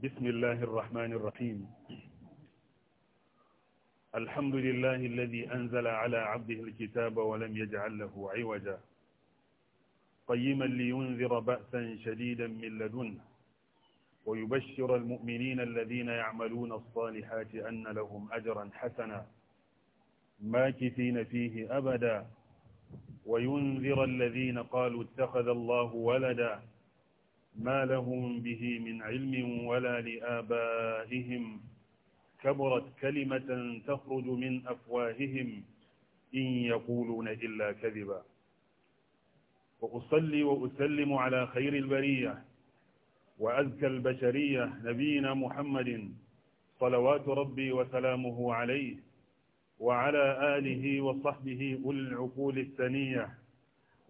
بسم الله الرحمن الرحيم الحمد لله الذي أنزل على عبده الكتاب ولم يجعل له عوجا قيما لينذر بأسا شديدا من لدنه ويبشر المؤمنين الذين يعملون الصالحات أن لهم أجرا حسنا ماكثين فيه أبدا وينذر الذين قالوا اتخذ الله ولدا ما لهم به من علم ولا لآبائهم كبرت كلمة تخرج من أفواههم إن يقولون إلا كذبا وأصلي وأسلم على خير البرية وأزكى البشرية نبينا محمد صلوات ربي وسلامه عليه وعلى آله وصحبه أولي العقول الثنيه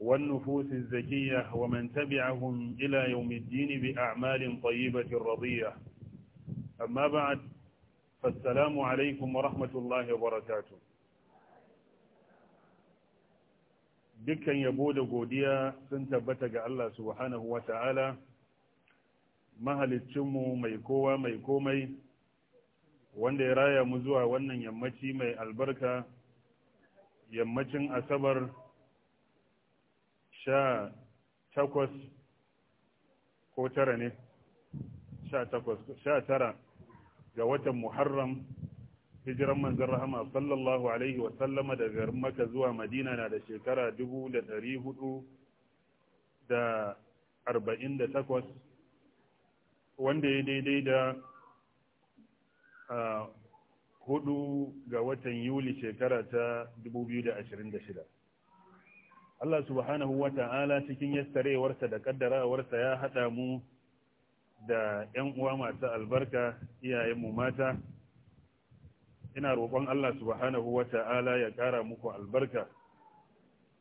والنفوس الزكية ومن تبعهم إلى يوم الدين بأعمال طيبة رضية أما بعد فالسلام عليكم ورحمة الله وبركاته dukkan yabo da godiya sun tabbata ga Allah subhanahu wa ta'ala mahaliccinmu mai kowa mai komai wanda ya raya mu zuwa wannan yammaci mai albarka yammacin asabar sha takwas ko tara ne sha takwas sha tara ga watan muharram hijiran manzan rahama sallallahu alaihi wasallama da garin maka zuwa madina na da shekara dubu da ɗari hudu da arba'in da takwas wanda ya daidai da hudu ga watan yuli shekara ta dubu biyu da da ashirin shida. Allah subhanahu wa ta'ala cikin yastarewarsa da ƙaddarawarsa ya haɗa mu da ‘yan uwa masu albarka iyayenmu mata, ina roƙon Allah subhanahu wa ta'ala ya ƙara muku albarka,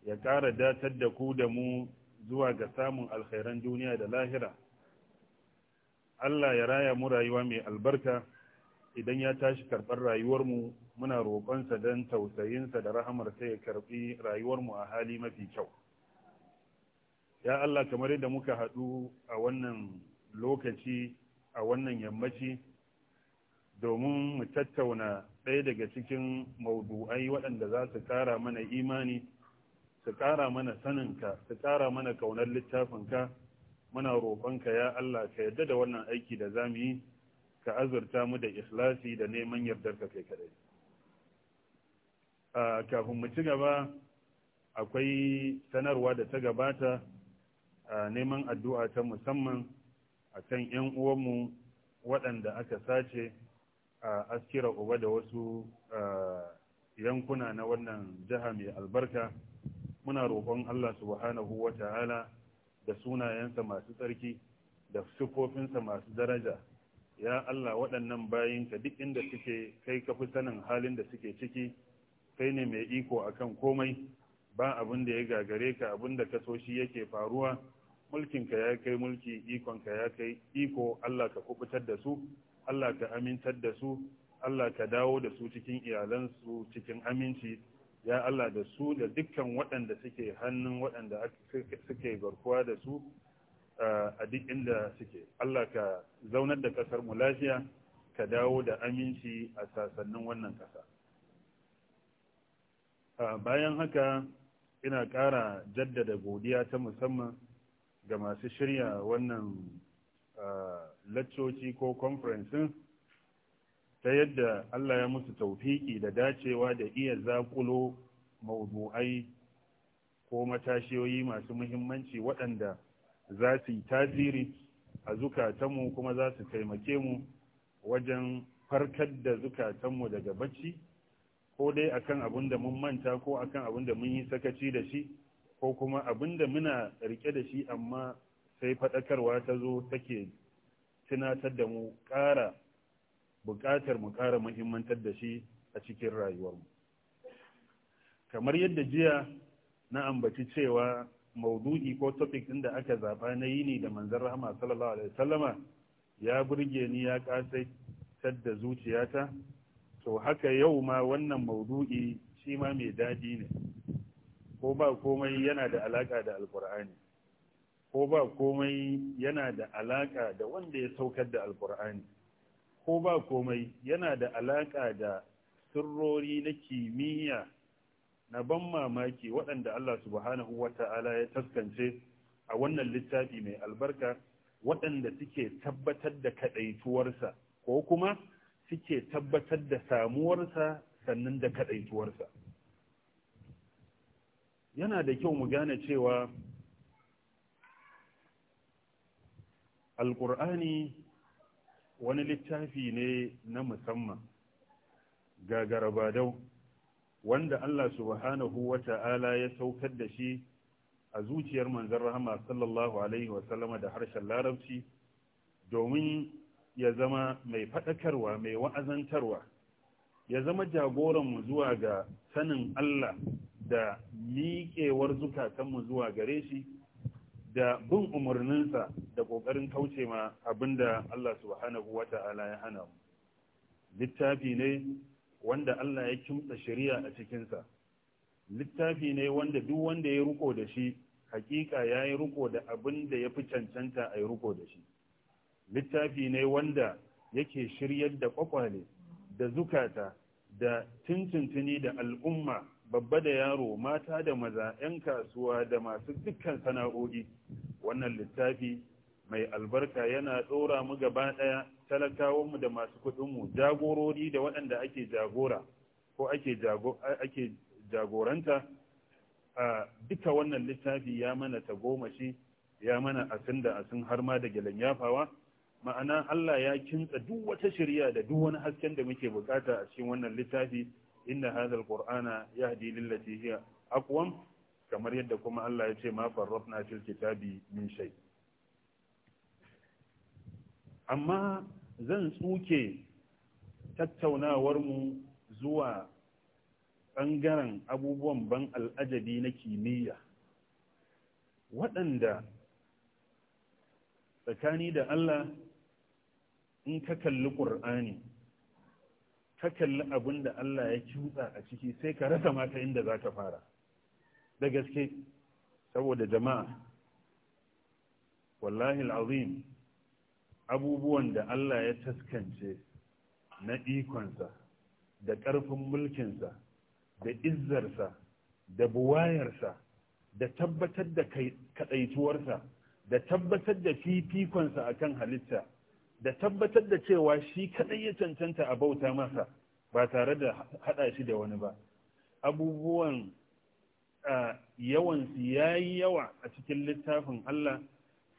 ya ƙara datar da ku da mu zuwa ga samun alkhairan duniya da lahira. Allah ya raya mu rayuwa mai albarka. idan ya tashi karɓar rayuwarmu muna roƙonsa don tausayinsa da rahamarsa ya karɓi rayuwarmu a hali mafi kyau ya Allah kamar yadda muka haɗu a wannan lokaci a wannan yammaci domin mu tattauna ɗaya daga cikin maudu'ai waɗanda za su ƙara mana imani su ƙara mana saninka su ƙara mana ƙaunar littafinka muna roƙonka ya Allah ka yarda da wannan aiki da za mu yi ka azurta mu da ikhlasi da neman ka kai kadai kafin mu ci gaba akwai sanarwa da ta gabata neman addu'a ta musamman a kan ‘yan uwanmu waɗanda aka sace a askira uba da wasu yankuna na wannan jiha mai albarka muna roƙon Allah subhanahu wa ta'ala da sunayensa masu tsarki da sufofinsa masu daraja ya Allah waɗannan bayinka duk inda suke kai kafi sanin halin da suke ciki kai ne mai iko akan komai ba abin da ya gagare ka abin da ka yake faruwa mulkinka ya kai mulki ikonka ya kai iko Allah ka kubutar da su Allah ka amintar da su Allah ka dawo da su cikin iyalansu cikin aminci ya Allah da su da dukkan waɗanda suke hannun waɗanda suke garkuwa da su a duk inda suke Allah ka zaunar da kasar mu lafiya ka dawo da aminci a sasannin wannan kasa bayan haka ina ƙara jaddada godiya ta musamman ga masu shirya wannan laccoci ko conference ta yadda Allah ya musu taufiki da dacewa da iya zakulo mawudu'ai ko matashiyoyi masu muhimmanci waɗanda za su yi tasiri a zukatanmu kuma za su taimake mu wajen farkar da zukatanmu daga bacci ko dai akan abin da mun manta ko akan abin da mun yi sakaci da shi ko kuma abin da muna rike da shi amma sai faɗakarwa ta zo take tunatar da mu ƙara buƙatar mu ƙara muhimmantar da shi a cikin rayuwarmu kamar yadda jiya na ambaci cewa maudu'i ko topic din da aka zaba na yi yini da manzon rahama sallallahu alaihi wasallama ya burge ni ya kasaitar da zuciyata to haka yau ma wannan maudu'i shi ma mai daɗi ne ko ba komai yana da alaƙa da alƙur'ani ko ba komai yana da alaƙa da wanda ya saukar da alƙur'ani ko ba komai yana da alaƙa da sirrori na kimiyya na ban mamaki waɗanda Allah subhanahu wa ta'ala ya taskance a wannan littafi mai albarka waɗanda suke tabbatar da kaɗaituwarsa ko kuma suke tabbatar da samuwarsa sannan da kaɗaituwarsa yana da kyau mu gane cewa alƙur'ani wani littafi ne na musamman ga garabadau wanda Allah subhanahu wa ta'ala ya saukar da shi a zuciyar manzon rahama sallallahu alaihi wa da harshen larabci domin ya zama mai faɗakarwa mai wa'azantarwa ya zama jagoranmu zuwa ga sanin Allah da miƙewar zukatanmu zuwa gare shi da bin umarninsa da ƙoƙarin kauce ma abinda Allah subhanahu wa ta'ala ya hana mu littafi ne wanda Allah ya kimtsa shari'a a cikinsa littafi ne wanda duk wanda ya ruko da shi hakika ya yi ruko da abin da ya fi cancanta a yi ruko da shi littafi ne wanda yake shiryar da kwakwale da zukata da tuntuntuni da al'umma babba da yaro mata da maza 'yan kasuwa da masu dukkan sana'o'i wannan littafi mai albarka yana ɗora mu gaba ɗaya talakawanmu da masu kuɗinmu jagorori da waɗanda ake jagora ko ake jagoranta a duka wannan littafi ya mana ta goma shi ya mana asin da asin har ma da gyalen yafawa ma'ana Allah ya kintsa duk wata shirya da duk wani hasken da muke bukata a cikin wannan littafi inna hadha qur'ana, yahdi lati hiya aqwam kamar yadda kuma Allah ya ce ma farrafna fil kitabi min shay' amma zan tsuke tattaunawarmu zuwa ɓangaren abubuwan ban al'ajabi na kimiyya waɗanda tsakani da Allah in ka kalli ƙur'ani ka kalli abin da Allah ya kyuta a ciki sai ka rasa mata inda za ka fara da gaske saboda jama'a wallahi al'azim abubuwan da Allah ya taskance na ikonsa da ƙarfin mulkinsa da izzarsa da buwayarsa da tabbatar da kaɗaituwarsa da tabbatar da fifikonsa a kan halitta da tabbatar da cewa shi kaɗai ya cancanta a bauta masa ba tare da haɗa shi da wani ba abubuwan ah, yawansu ya yi yawa a cikin littafin Allah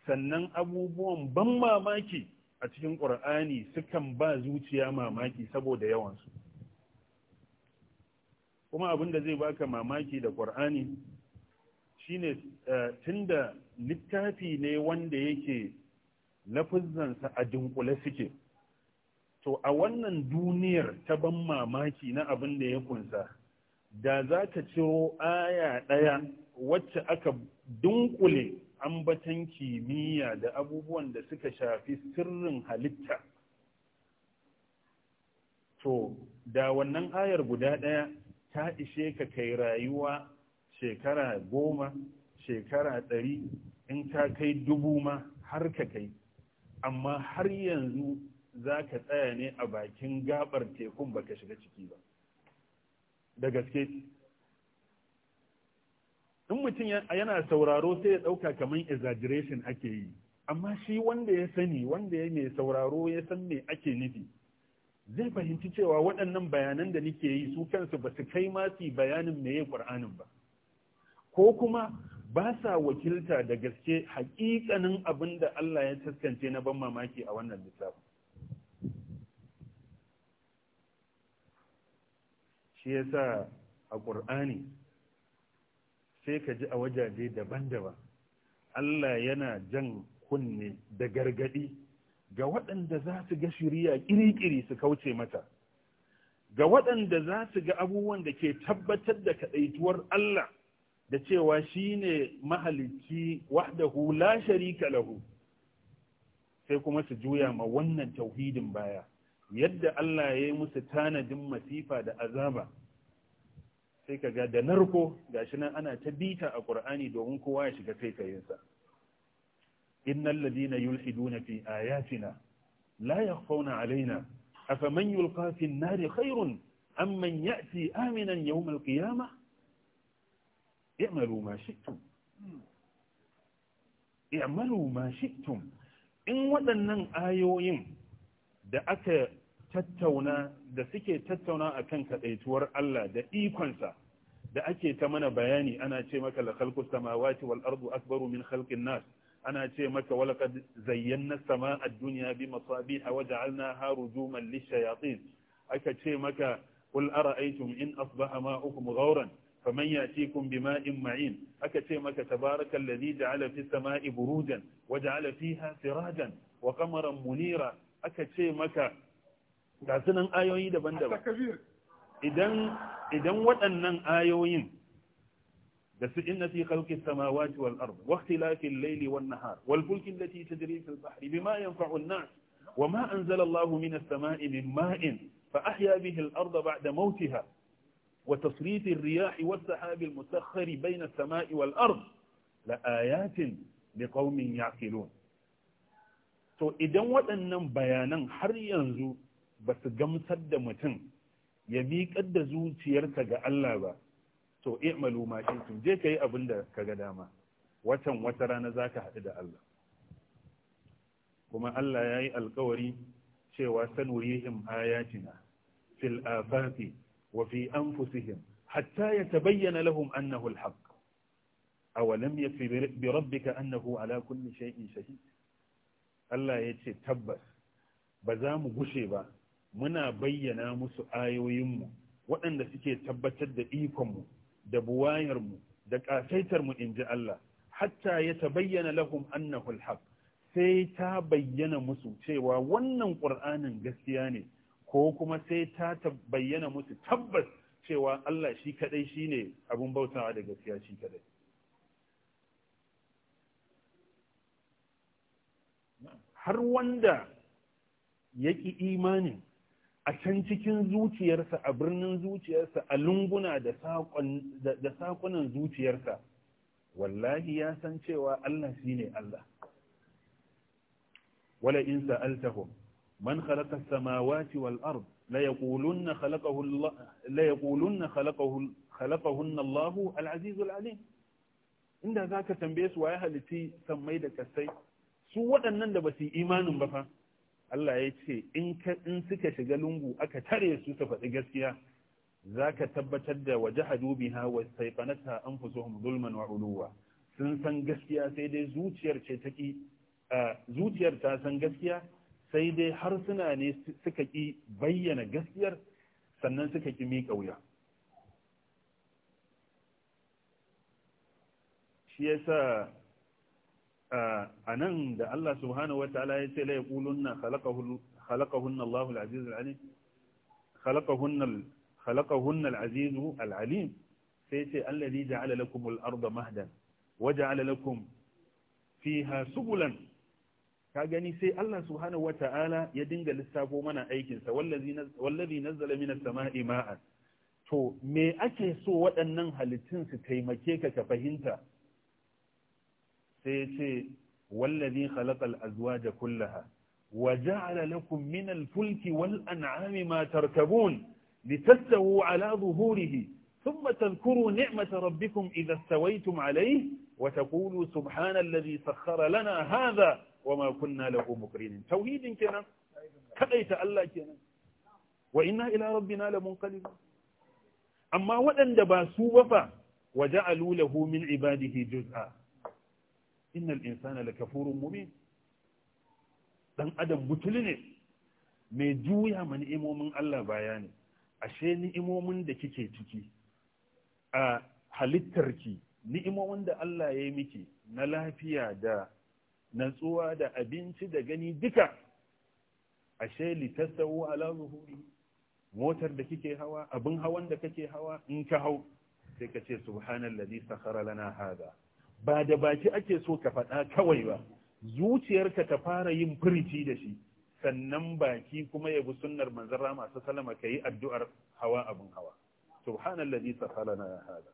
sannan abubuwan ban mamaki a cikin ƙur'ani sukan ba zuciya mamaki saboda yawansu kuma abin da zai baka mamaki da ƙur'ani shine eh, tunda littafi ne wanda yake lafuzansa a dunkule suke to a wannan duniyar ta ban mamaki na abin da ya kunsa da za ka ciro aya ɗaya wacce aka dunkule ambatan kimiyya da abubuwan da suka shafi sirrin halitta to da wannan ayar guda ɗaya ta ishe ka kai rayuwa shekara goma shekara ɗari in ka kai dubu ma har ka kai amma har yanzu za ka tsaya ne a bakin gabar tekun baka shiga ciki ba da gaske in mutum yana sauraro sai ya ɗauka kamar exaggeration ake yi amma shi wanda ya sani wanda ya mai sauraro ya san me ake nufi zai fahimci cewa waɗannan bayanan da nike yi su kansu ba su kai ma su bayanin me ya ƙur'anin ba ko kuma ba sa wakilta da gaske haƙiƙanin abin da Allah ya taskance na ban mamaki a wannan littafin shi yasa a ƙur'ani sai ka ji a wajaje daban-daban Allah yana jan kunne da gargadi ga waɗanda za su ga shirya ƙiri-ƙiri su kauce mata ga waɗanda za su ga abubuwan da ke tabbatar da kaɗaituwar Allah da cewa shi ne mahalicci wahdahu la sharika lahu sai kuma su juya ma wannan tauhidin baya yadda Allah ya yi musu tanadin masifa da azaba sai ka ga da narko gashi nan ana ta bita a Kur'ani domin kowa ya shiga kai kayinsa innal ladina yulhiduna fi ayatina la yakhfawna alaina afaman yulqa fi an-nar khairun amman ya'ti aminan yawm al i'malu ma shi'tum i'malu ma shi'tum in waɗannan ayoyin da aka tattauna da suke tattauna a kan kaɗaituwar Allah da ikonsa da ake ta mana bayani ana ce maka la khalqus samawati wal ardu akbaru min khalqin nas ana ce maka walaqad zayyana samaa ad-dunya bi masabih wa ja'alnaha rujuman lish aka ce maka qul ara'aytum in asbaha ma'ukum ghawran faman yatikum bima'in ma'in aka ce maka tabarakallazi ja'ala fis samai burujan wa ja'ala fiha sirajan wa qamaran munira aka ce maka ga ayoyi daban-daban idan waɗannan ayoyin da su inna fi khalqi samawati wal ard wa ikhtilafi layli wan nahar wal fulki allati tajri fi al-bahri bima wa ma anzala Allahu min samai min ma'in fa ahya bihi al-ard ba'da mawtiha wa tasrif ar-riyah wa as-sahab al samai wal ard la ayatin liqaumin to idan waɗannan bayanan har yanzu ba su gamsar da mutum ya miƙar da zuciyarsa ga Allah ba to i'malu ma kuntum je yi abin da ga dama watan wata rana zaka haɗu da Allah kuma Allah ya yi alkawari cewa sanurihim ayatina fil afaqi wa fi anfusihim hatta yatabayyana lahum annahu alhaq awalam yakfi bi rabbika annahu ala kulli shay'in shahid Allah ya ce tabbas ba za mu gushe ba muna bayyana musu ayoyinmu waɗanda suke tabbatar da ikonmu da buwayarmu da ƙasaitarmu in ji Allah hatta ya bayyana lahum annahu alhaq sai ta bayyana musu cewa wannan ƙur'anin gaskiya ne ko kuma sai ta bayyana musu tabbas cewa Allah shi kadai shine abin bautawa da gaskiya shi kaɗai. har wanda ya ƙi imanin a can cikin zuciyarsa a birnin zuciyarsa a lunguna da sakunan zuciyarsa wallahi ya san cewa Allah shi ne Allah wala in sa'altahum man khalaqa samawati wal ard la yaquluna khalaqahu la yaquluna khalaqahu khalaqahunna Allah al-aziz al-alim inda zaka tambaye su waye halitti sammai da kasai su waɗannan da ba su imanin ba fa Allah ya ce in suka shiga lungu aka tare su su faɗi gaskiya za ka tabbatar da waje biha wa saifanata an fusuhum dulman wa uluwa sun san gaskiya sai dai zuciyar ce ta ki zuciyar ta san gaskiya sai dai har suna ne suka ki bayyana gaskiyar sannan suka ki miƙa wuya shi yasa a nan da Allah subhanahu ta'ala ya ce la yaqulunna khalaqahunna Allahu al-aziz al-alim sai ce alladhi ja'ala lakum al-arda mahdan wa ja'ala lakum fiha subulan ka gani sai Allah subhanahu ta'ala ya dinga lissafo mana aikin sa wallazi nazzala minas sama'i ma'a. to me ake so waɗannan halittun su taimake ka ka fahimta sai ya ce wallazi khalaqal azwaja kullaha wa ja'ala lakum min al-fulki wal an'ami ma ثم تذكروا نعمة ربكم إذا استويتم عليه وتقولوا سبحان الذي سخر لنا هذا وما كنا له مقرنين توحيد كنا كأيت الله كنا وإنا إلى ربنا لمنقلب أما ودن دباسوا وفا وجعلوا له من عباده جزءا innal insana lakafurun mumin dan adam butuli ne mai juya ma ni'imomin Allah baya ne ashe ni'imomin da kike ciki a halittarki ni'imomin da Allah ya yi miki na lafiya da natsuwa da abinci da gani duka ashe litasawu ala zuhuri motar da kike hawa abin hawan da kake hawa in ka hau sai ka ce subhanallazi sakhara lana hada ba da baki ake so ka faɗa kawai ba zuciyarka ta fara yin firici da shi sannan baki kuma ya bi sunnar manzon rama sa salama kai addu'ar hawa abun hawa subhanallazi sakhalana hada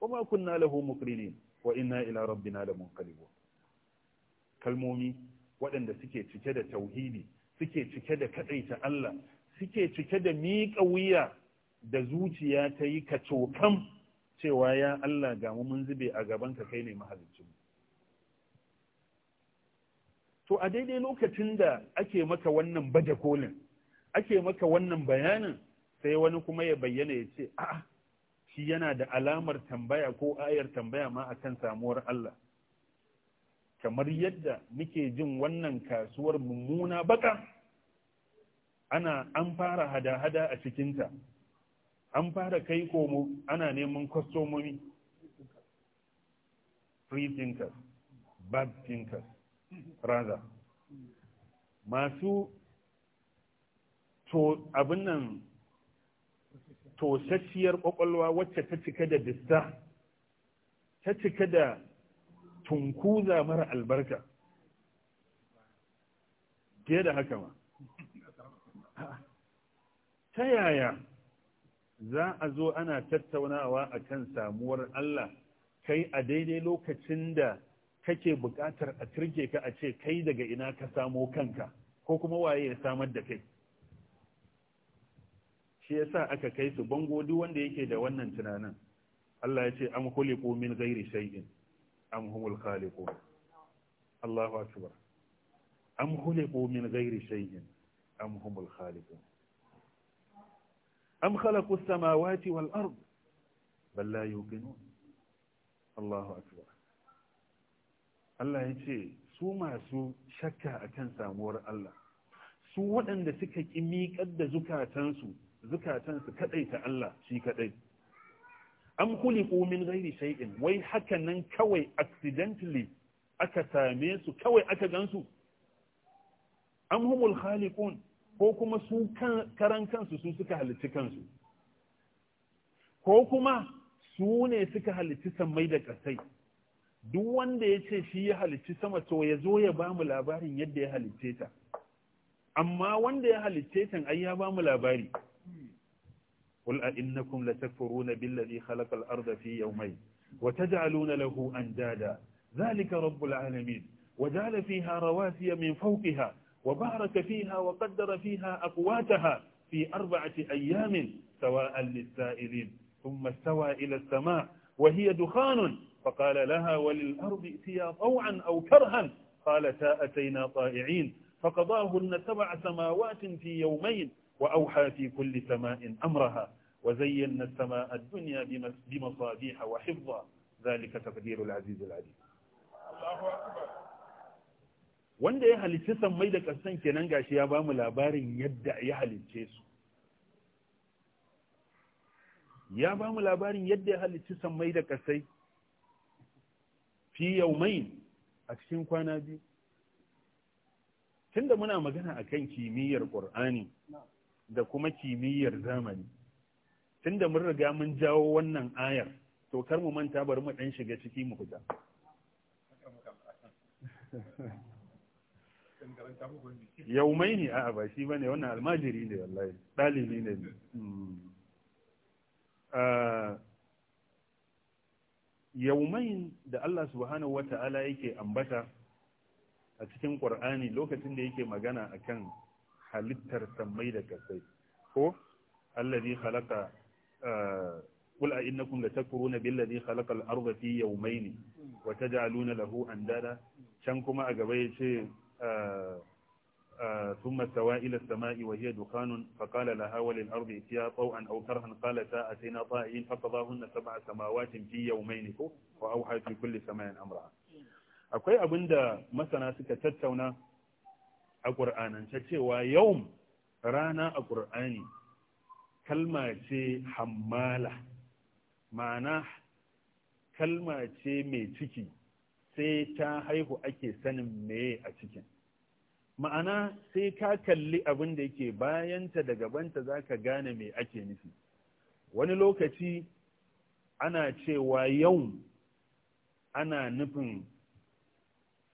wama kunna lahu muqrinin wa inna ila rabbina munqalibun kalmomi waɗanda suke cike da tauhidi suke cike da kadaita Allah suke cike da miƙa wuya da zuciya ta yi kacokan cewa ya Allah ga mu mun zube a gabanka kai ne mahalicin to a daidai lokacin da ake maka wannan baje kolin ake maka wannan bayanin sai wani kuma ya bayyana ya ce a'a shi yana da alamar tambaya ko ayar tambaya ma akan samuwar Allah kamar yadda muke jin wannan kasuwar mummuna baka ana an fara hada-hada a cikinta an fara kai komo ana neman kwastomomi free thinkers bad thinkers rather masu to abin nan tosasshiyar kwakwalwa wacce ta cika da dista ta cika da tunkuza mara albarka ke da haka ma ta yaya za a zo ana tattaunawa a kan samuwar Allah kai a daidai lokacin da kake buƙatar a turke ka a ce kai daga ina ka samo kanka ko kuma waye ya samar da kai shi yasa aka kai su bango duk wanda yake da wannan tunanin Allah ya ce am khuliqu min ghairi shay'in am humul khaliqun Allahu akbar am khuliqu min ghairi shay'in am humul khaliqun am khalaqu as-samawati wal ard bal la yuqinun Allahu akbar Allah yace su masu shakka akan samuwar Allah su waɗanda suka ƙi miƙar da zukatansu zukatansu kadai ta Allah shi kadai an khuliqu min ghairi shay'in wai haka nan kawai accidentally aka same su kawai aka gansu am humul khaliqun ko kuma su karan kansu su suka halitti kansu ko kuma su ne suka halitti sammai da ƙasai duk wanda ya ce shi ya halitti sama to ya zo ya ba mu labarin yadda ya halitte ta amma wanda ya halitte ta ai ya ba mu labari قل أئنكم لتكفرون بالذي خلق الأرض في يومين وتجعلون له أندادا ذلك رب العالمين وجعل فيها رواسي من فوقها وبارك فيها وقدر فيها أقواتها في أربعة أيام سواء للسائلين ثم استوى إلى السماء وهي دخان فقال لها وللأرض ائتيا طوعا أو كرها قالتا أتينا طائعين فقضاهن سبع سماوات في يومين وأوحى في كل سماء أمرها وزينا السماء الدنيا بمصابيح وحفظا ذلك تقدير العزيز العليم الله أكبر wanda ya halicci sammai da ƙasan kenan gashi ya ba mu labarin yadda ya halicce su ya ba mu labarin yadda ya halicci sammai da ƙasai fi yaumai a cikin kwana biyu tunda muna magana akan kimiyyar ƙur'ani da kuma kimiyyar zamani tunda mun riga mun jawo wannan ayar to kar mu manta bari mu ɗan shiga ciki mu fita yaumai ne a'a ba shi bane wannan almajiri ne wallahi ɗalibi ne hmm. ah, yaumai da Allah subhanahu wata'ala yake ambata a cikin Qur'ani lokacin da yake magana akan halittar sammai da kasai ko allazi khalaqa قل أئنكم لتكفرون بالذي خلق الأرض في يومين وتجعلون له a شنكما أقبيت ثم استوى إلى السماء وهي دخان فقال لها وللأرض اتيا طوعا أو كرها قالتا أتينا طائعين فقضاهن سبع سماوات في يومين وأوحى في كل سماء أمرها akwai abin da masana suka tattauna a ƙur'anance cewa yau rana a ƙur'ani kalma ce hammala ma'ana kalma ce mai ciki sai ta haihu ake sanin meye a cikin ma'ana sai ka kalli abin da yake bayanta da gabanta za ka gane mai ake nufi wani lokaci ana cewa yau ana nufin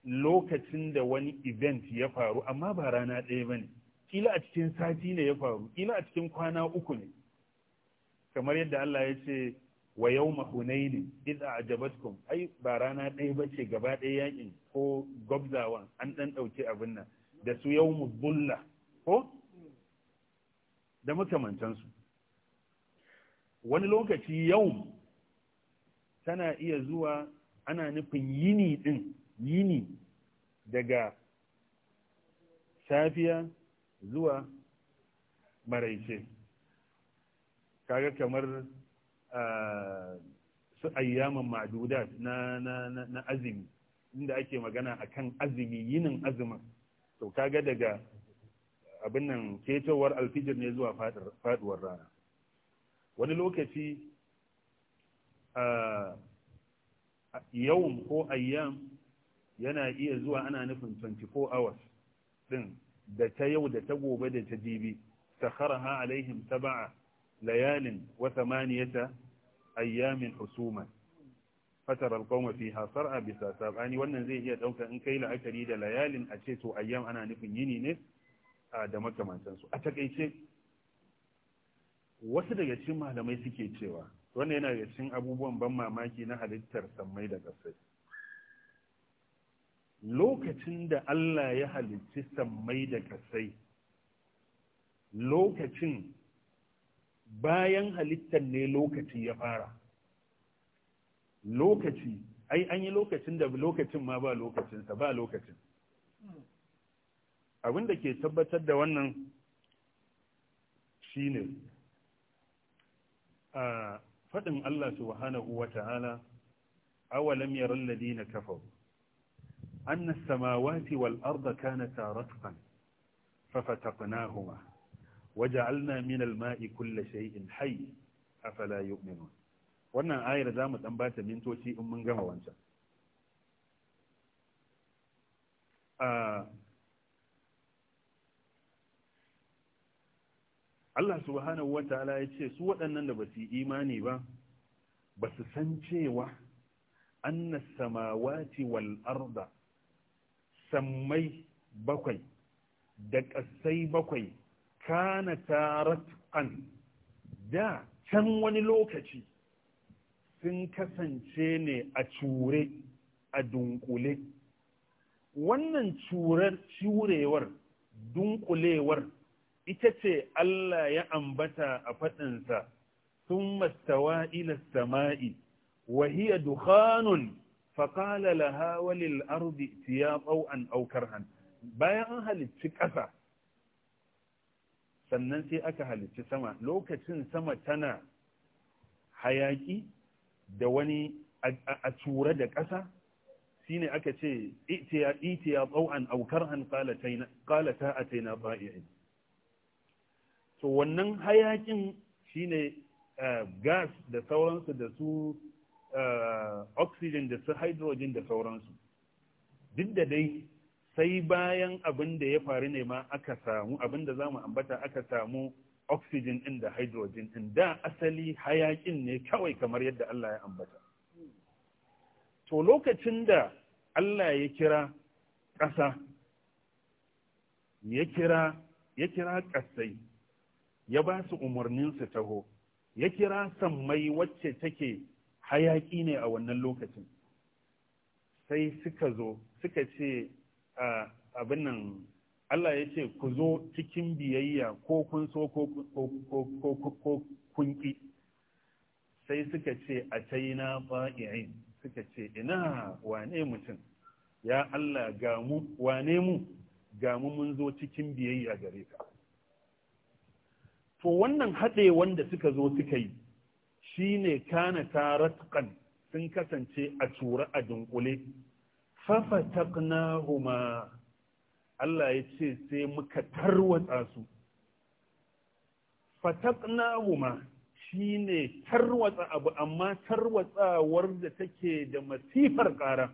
lokacin da wani event ya faru amma ba rana ɗaya ba ne kila a cikin sati ne ya faru kila a cikin kwana uku ne kamar yadda Allah ya ce wa yau mahunaini a ajabatkum ai ba rana ɗaya ba ce gaba ɗaya yakin ko gwabzawa an ɗan ɗauki abin nan da su yau bulla ko da makamantansu wani lokaci yau tana iya zuwa ana nufin yini din yini daga safiya zuwa maraice kaga kamar ah, su ayyaman ma'adudat na, na, na, na azumi inda ake magana akan azumi yinin azumin to kaga daga abin nan ketowar alfijir ne zuwa faduwar rana wani lokaci yawon ko ayyam yana iya zuwa ana nufin 24 hours din da ta yau da ta gobe da ta jibi sakharaha alaihim sab'a layalin wa thamaniyata ayyamin husuman fatar fi hasar a bisa sabani wannan zai iya ɗauka in kai la'akari da layalin a ce to ayyam ana nufin yini ne da makamantansu a takaice wasu daga cikin malamai suke cewa wannan yana daga cikin abubuwan ban mamaki na halittar sammai da ƙasai lokacin da Allah ya halicci sammai da ƙasai lokacin bayan halittar ne lokaci ya fara lokaci ai an yi lokacin da lokacin ma ba lokacinsa ba lokacin abin da ke tabbatar da wannan shine a faɗin Allah subhanahu wa ta'ala awalam yaral ladina kafaru anna samawati wal arda kanata ratqan fafataqnahuma waja'alna min al ma'i kulli shay'in hayy afala yu'minun wannan ayar za mu ɗan bata mintoci in mun gama wancan Allah subhanahu wa ta'ala ya ce su waɗannan da ba su imani ba ba su san cewa an samawati wal arda sammai bakwai da ƙasai bakwai kana taratqan da can wani lokaci sun kasance ne a cure a dunkule wannan curar curewar dunkulewar ita ce Allah ya ambata a faɗinsa sun mastawa ila sama'i wa hiya dukhanun faƙala laha walil ardi tiya an aukar han bayan an halicci ƙasa sannan sai aka halicci sama lokacin sama tana hayaƙi da wani a tura da ƙasa shine aka ce itiya an aukar an kalata a taina ba'i'in so wannan hayakin shine eh, gas da sauransu da su eh, oxygen da su hydrogen da sauransu duk da dai sai bayan abin da ya faru ne ma aka samu abin da za mu ambata aka samu oxygen ɗin da hydrogen ɗin da asali hayaƙin ne kawai kamar yadda Allah ya ambata. To lokacin da Allah ya kira ƙasa, ya kira ƙasai, ya ba su umarnin su taho, ya kira sammai wacce take hayaƙi ne a wannan lokacin. Sai suka zo, suka ce ah, abin nan Allah ya ce ku zo cikin biyayya ko kun so ko kun ƙi sai suka ce a taina fa'i'in suka ce ina wane mutum ya Allah ga mu wane mu ga mu mun zo cikin biyayya gare ka to wannan haɗe wanda suka zo suka yi shine kana taratqan sun kasance a tura a dunkule huma. Allah ya ce sai muka tarwatsa su fataknahuma shine tarwatsa abu amma tarwatsawar da take da masifar ƙara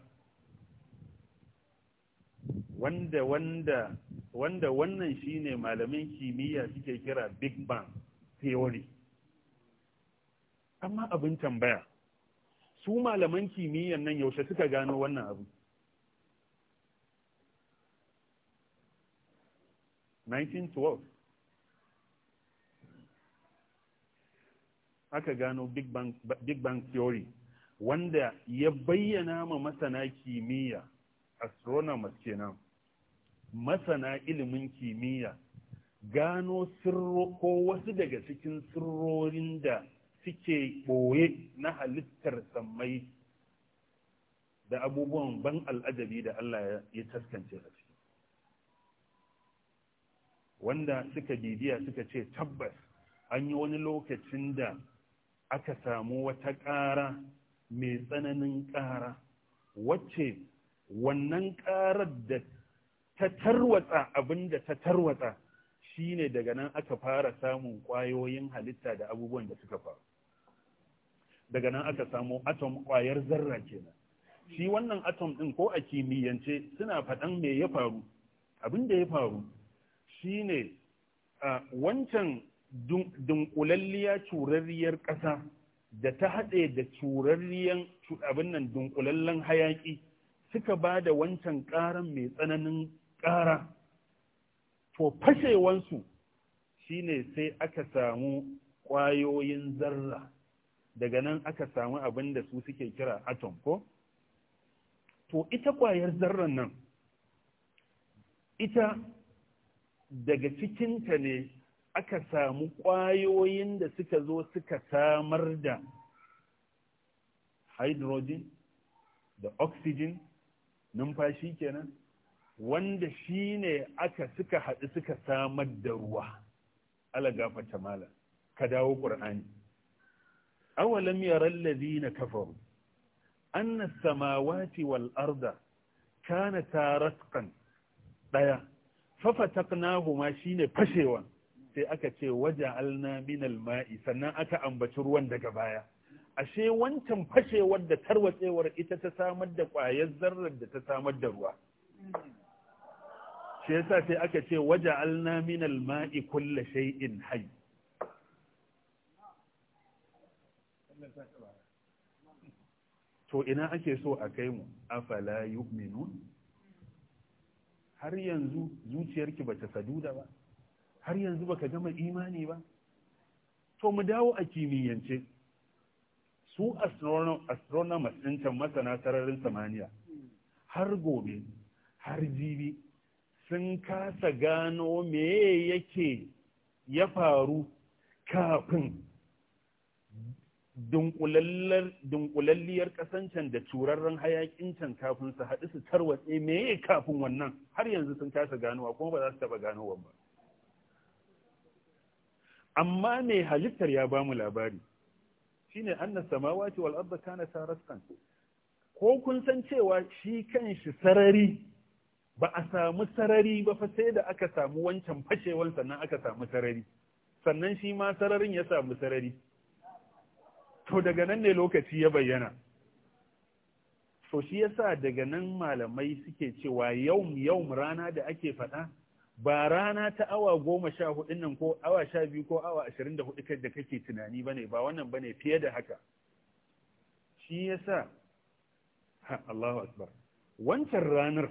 wanda wanda wanda wannan shine malamin kimiyya suke kira big bang theory amma abin tambaya su malaman kimiyyan nan yaushe suka gano wannan abu 1912 aka gano big bang, big bang theory wanda ya bayyana ma masana kimiyya astronomers kenan masana ilimin kimiyya gano sirro ko wasu daga cikin sirrorin da suke ɓoye na halittar sammai da abubuwan ban al'ajabi da Allah ya taskance a wanda suka bibiya suka ce tabbas an yi wani lokacin da aka samu wata ƙara mai tsananin ƙara wacce wannan ƙarar da ta tarwatsa abin da ta tarwatsa shi ne daga nan aka fara samun ƙwayoyin halitta da abubuwan da suka faru daga nan aka samu atom ƙwayar zarra kenan shi wannan atom ɗin ko a kimiyyance suna faɗan me ya faru abin da ya faru shine wancan dunkulalliya curarriyar ƙasa da ta haɗe da curarriyan abin nan dunkulallen hayaƙi suka ba da wancan ƙaran mai tsananin ƙara to fashewansu shine sai aka samu ƙwayoyin zarra daga nan aka samu abin da su suke kira atom ko to ita ƙwayar zarran nan ita daga cikinta ne aka samu ƙwayoyin da suka zo suka samar da hydrogen da oxygen numfashi kenan wanda shi ne aka suka haɗu suka samar da ruwa ala gafata mala ka dawo ƙur'ani awalam yaral ladina kafaru anna samawati wal arda kana taratqan ɗaya. ma shine fashewan sai aka ce waja'alna minal ma'i sannan aka ambaci ruwan daga baya ashe wancan fashewar da tarwatsewar ita ta samar da ƙwayar zarrar da ta samar da ruwa shi yasa sai aka ce waja'alna minal ma'i kulla shay'in hayy to ina ake so a kai mu afala yu'minun har yanzu zuciyarki ba bata saduda ba har yanzu ba ka gama imani ba to mu dawo a kimiyyance su astronomers ɗin can masana sararin samaniya har gobe har jibi sun kasa gano me yake ya faru kafin dunkulalliyar ƙasancen da turarren hayakin can kafin su haɗu su tarwatse meye kafin wannan har yanzu sun kasa ganowa kuma ba za su taɓa ganowa ba amma mai halittar ya ba mu labari shine anna samawati wal arda kana taraskan ko kun san cewa shi kan shi sarari ba a samu sarari ba fa sai da aka samu wancan fashewan sannan aka samu sarari sannan shi ma sararin ya samu sarari to daga nan ne lokaci ya bayyana to shi yasa daga nan malamai suke cewa yau yau rana da ake faɗa ba rana ta awa goma sha hudun nan ko awa sha biyu ko awa ashirin da hudu da kake tunani bane ba wannan bane fiye da haka shi yasa ha Allahu akbar wancan ranar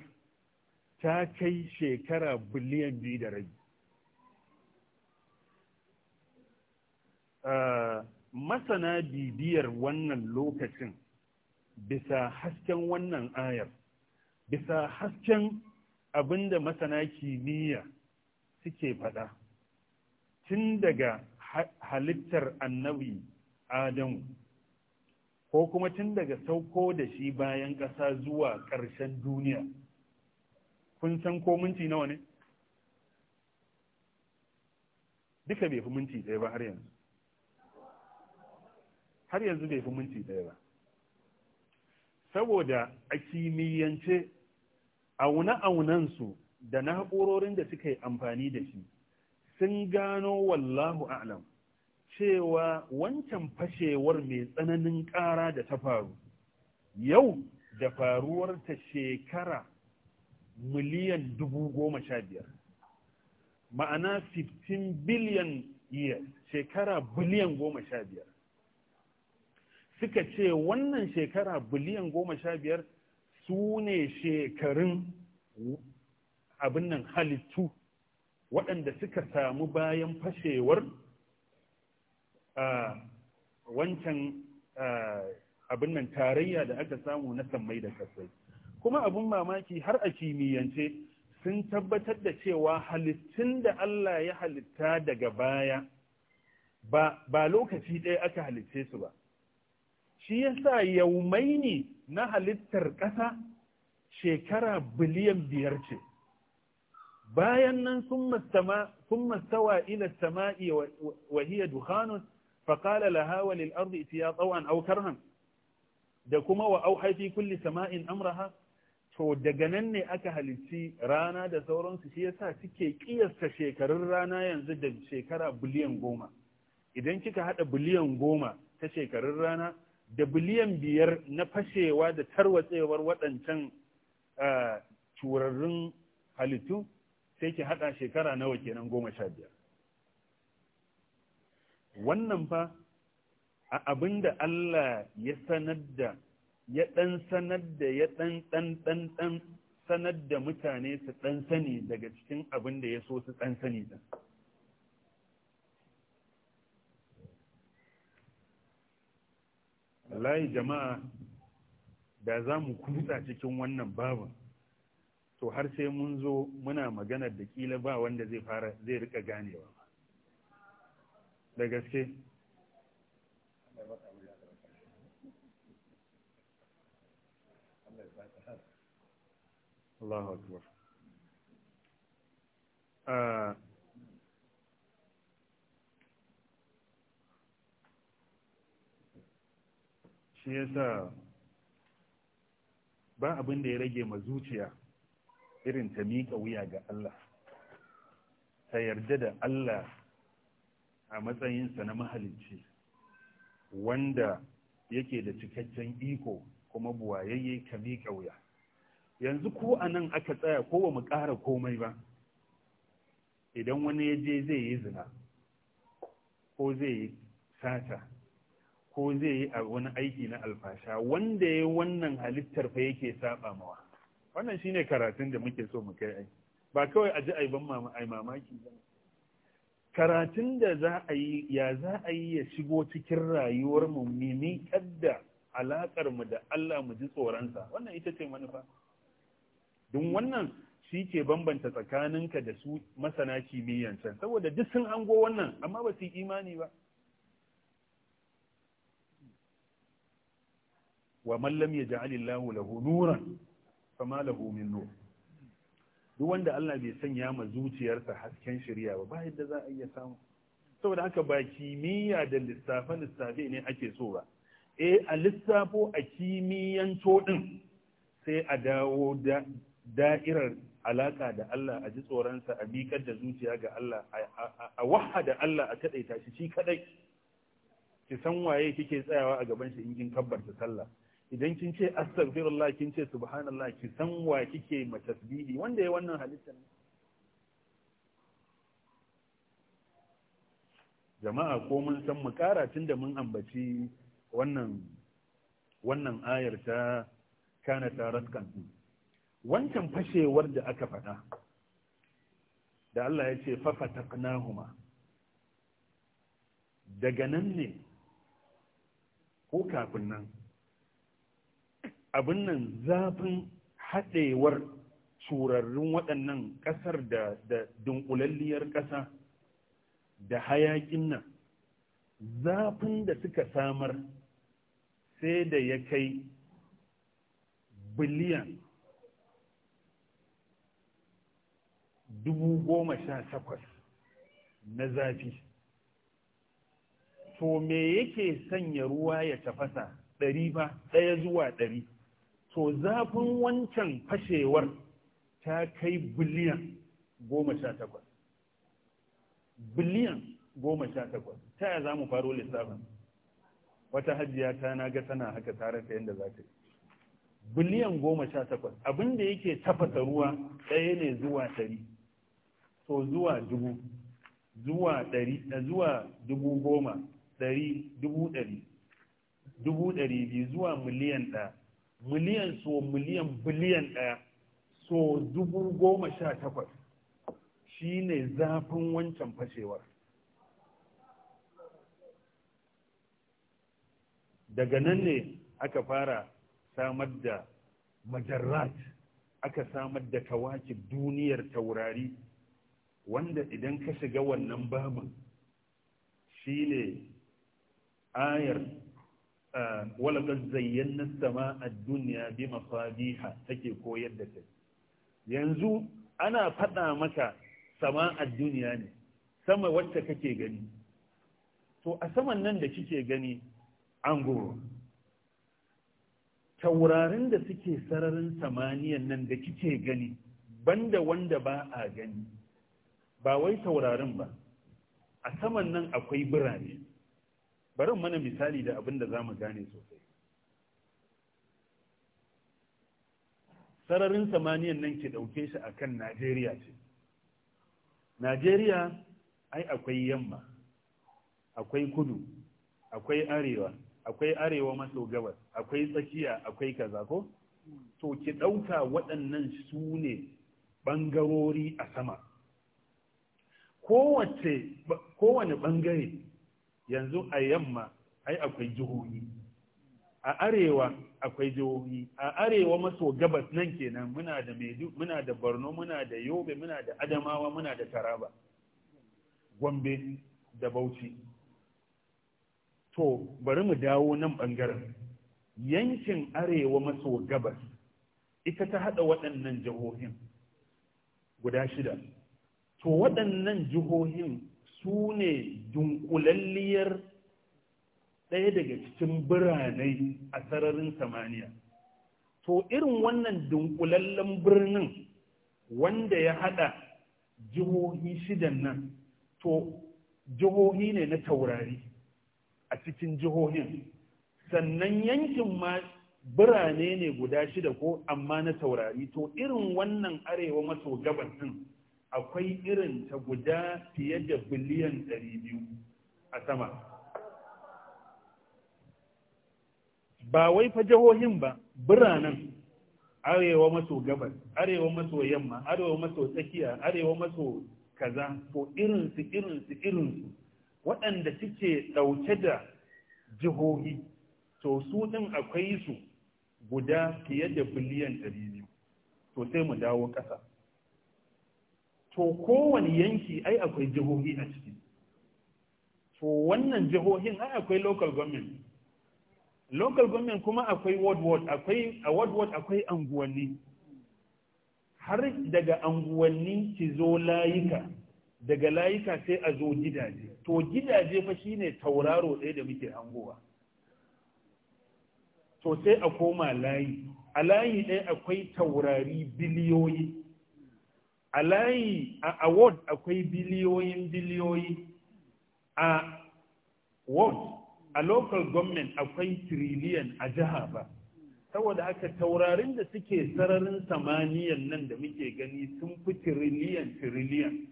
ta kai shekara biliyan biyu da rabi ah, masana bibiyar wannan lokacin bisa hasken wannan ayar bisa hasken abinda masana kimiyya suke faɗa tun daga halittar annabi adamu ko kuma tun daga sauko da shi bayan ƙasa zuwa ƙarshen duniya kun san ko minti nawa ne duka bai fi minti ɗaya ba har yanzu har yanzu bai fi minti ɗaya ba saboda a kimiyyance aune-aunensu da na'urorin da suka yi amfani da shi sun gano wallahu a'lam cewa wancan fashewar mai tsananin ƙara da ta faru yau da faruwar ta shekara miliyan dubu goma sha biyar ma'ana 15 biliyan years shekara biliyan goma sha biyar suka ce wannan shekara biliyan goma sha biyar su ne shekarun abin nan halittu waɗanda suka samu bayan fashewar wancan abin nan tarayya da aka samu na sammai da kasai kuma abin mamaki har a kimiyyance sun tabbatar da cewa halittun da Allah ya halitta daga baya ba lokaci ɗaya aka halitce su ba shi yasa yaumaini na halittar ƙasa shekara biliyan biyar ce bayan nan sun mastawa ila sama'i wa hiya dukhanun faqala laha wa lil ardi da kuma wa auha fi kulli sama'in amraha to daga nan ne aka halicci rana da sauransu shi yasa suke kiyasta shekarun rana yanzu da shekara biliyan goma idan kika hada biliyan goma ta shekarun rana da biliyan biyar na fashewa da tarwatsewar waɗancan turarrun halittu sai ki haɗa shekara nawa kenan goma sha biyar wannan fa a abin da Allah ya sanar da ya ɗan sanar da ya ɗan ɗan ɗan ɗan sanar da mutane su ɗan sani daga cikin abin da ya so su ɗan sani ɗan. wallahi jama'a da za mu kutsa cikin wannan babin to har sai mun zo muna maganar da kila ba wanda zai fara zai rika ganewa da gaske Allah akbar ah, shi yasa ba abin da ya rage ma zuciya irin ta miƙa wuya ga Allah ta yarda da Allah a matsayinsa na mahalicci wanda yake da cikakken iko kuma buwayayye ka miƙa wuya yanzu ko a nan aka tsaya ko ba mu ƙara komai ba idan wani ya je zai yi zina ko zai yi sata ko zai yi a wani aiki na alfasha wanda ya wannan halittar fa yake saba mawa wannan shine karatun da muke so mu kai ai ba kawai a ji ai ban mamaki karatun da za a yi ya za a yi ya shigo cikin rayuwar mu mimi kadda alakar mu da Allah mu ji tsoron sa. wannan ita ce manufa don wannan shi ke bambanta tsakaninka da su masana kimiyyan can saboda duk sun hango wannan amma ba su imani ba wa man lam yaj'alillahu lahu nuran fama lahu min nur duk wanda Allah bai sanya ma zuciyarsa hasken shari'a ba ba yadda za a iya samu saboda haka ba kimiyya da lissafe lissafe ne ake so ba eh a lissafo a kimiyyan din sai a dawo da da'irar alaka da Allah a ji tsoronsa a miƙar da zuciya ga Allah a wahada Allah a kadaita shi shi kaɗai. ki san waye kike tsayawa a gaban shi in kin kabbarta sallah idan kin ce astaghfirullah kin ce subhanallah ki san wa kike ma tasbihi wanda ya wannan halittar jama'a ko mun san mu kara tunda mun ambaci wannan wannan ayar ta kana taraskan wancan fashewar da aka faɗa da Allah yace ce fafataknahuma daga nan ne ko kafin nan abin nan zafin haɗewar turarrun waɗannan ƙasar da dunkulalliyar ƙasa da hayaƙin nan zafin da suka samar sai da ya kai biliyan dubu goma sha takwas na zafi to me yake sanya ruwa ya tafasa ɗari ba ɗaya zuwa ɗari to zafin wancan fashewar ta kai biliyan goma sha takwas biliyan goma sha takwas ta yaya za mu faro lissafin wata hajjiya ta na ga tana haka tare ta yadda za ta yi biliyan goma sha takwas abinda yake tafasa ruwa ɗaya ne zuwa ɗari so zuwa dubu zuwa ɗari eh, zuwa dubu goma ɗari dubu ɗari dubu ɗari biyu zuwa miliyan ɗaya miliyan so miliyan biliyan ɗaya so dubu goma sha takwas shi ne zafin wancan fashewar daga nan ne aka fara samar da majarrat aka samar da kawaki duniyar taurari wanda idan ka shiga wannan babin shi ne ayar Wala walaƙar zayyan sama a duniya bi mafabiha take koyar da kai yanzu ana faɗa maka sama a duniya ne sama wacce kake gani to a saman nan da kike gani an goro taurarin da suke sararin samaniyan nan da kike gani banda wanda ba a gani ba wai taurarin ba a saman nan akwai birane Barin mana misali da abin da zamu gane sosai sararin samaniyan nan ke ɗauke shi a kan najeriya ce najeriya ai akwai yamma akwai kudu akwai arewa akwai arewa maso gabas akwai tsakiya akwai kaza ko to ki ɗauka waɗannan su ne ɓangarori a sama kowane ɓangare yanzu a yamma ai akwai jihohi a arewa akwai jihohi a arewa maso gabas nan kenan muna da muna da Borno muna da Yobe muna da Adamawa muna da Taraba Gombe da Bauchi to bari mu dawo nan bangaren yankin arewa maso gabas ita ta hada waɗannan jihohin guda shida to waɗannan jihohin su ne dunkulalliyar ɗaya daga cikin birane a sararin samaniya to irin wannan dunkulallen birnin wanda ya hada jihohi shidan nan to jihohi ne na taurari a cikin jihohin sannan yankin ma birane ne guda shida ko amma na taurari to irin wannan arewa maso gabas din akwai irin ta guda fiye da biliyan 200 a sama ba wai fa jihohin ba biranen arewa maso gabas arewa maso yamma arewa maso tsakiya arewa maso kaza ko irinsu irinsu irinsu waɗanda suke ɗauke da jihohi to su ɗin akwai su guda fiye da biliyan 200 to sai mu dawo ƙasa to kowane yanki ai akwai jihohi a ciki to wannan jihohin ai akwai local government local government kuma akwai ward ward akwai a ward ward akwai anguwanni har daga anguwanni ki zo layika daga layika sai a zo gidaje to gidaje fa shine tauraro ɗaya da muke anguwa to sai a koma layi a layi ɗaya akwai taurari biliyoyi a layi a award akwai biliyoyin biliyoyi a world a local government akwai trillion a jiha ba saboda haka taurarin da suke sararin samaniyan nan da muke gani sun fi tiriliyan tiriliyan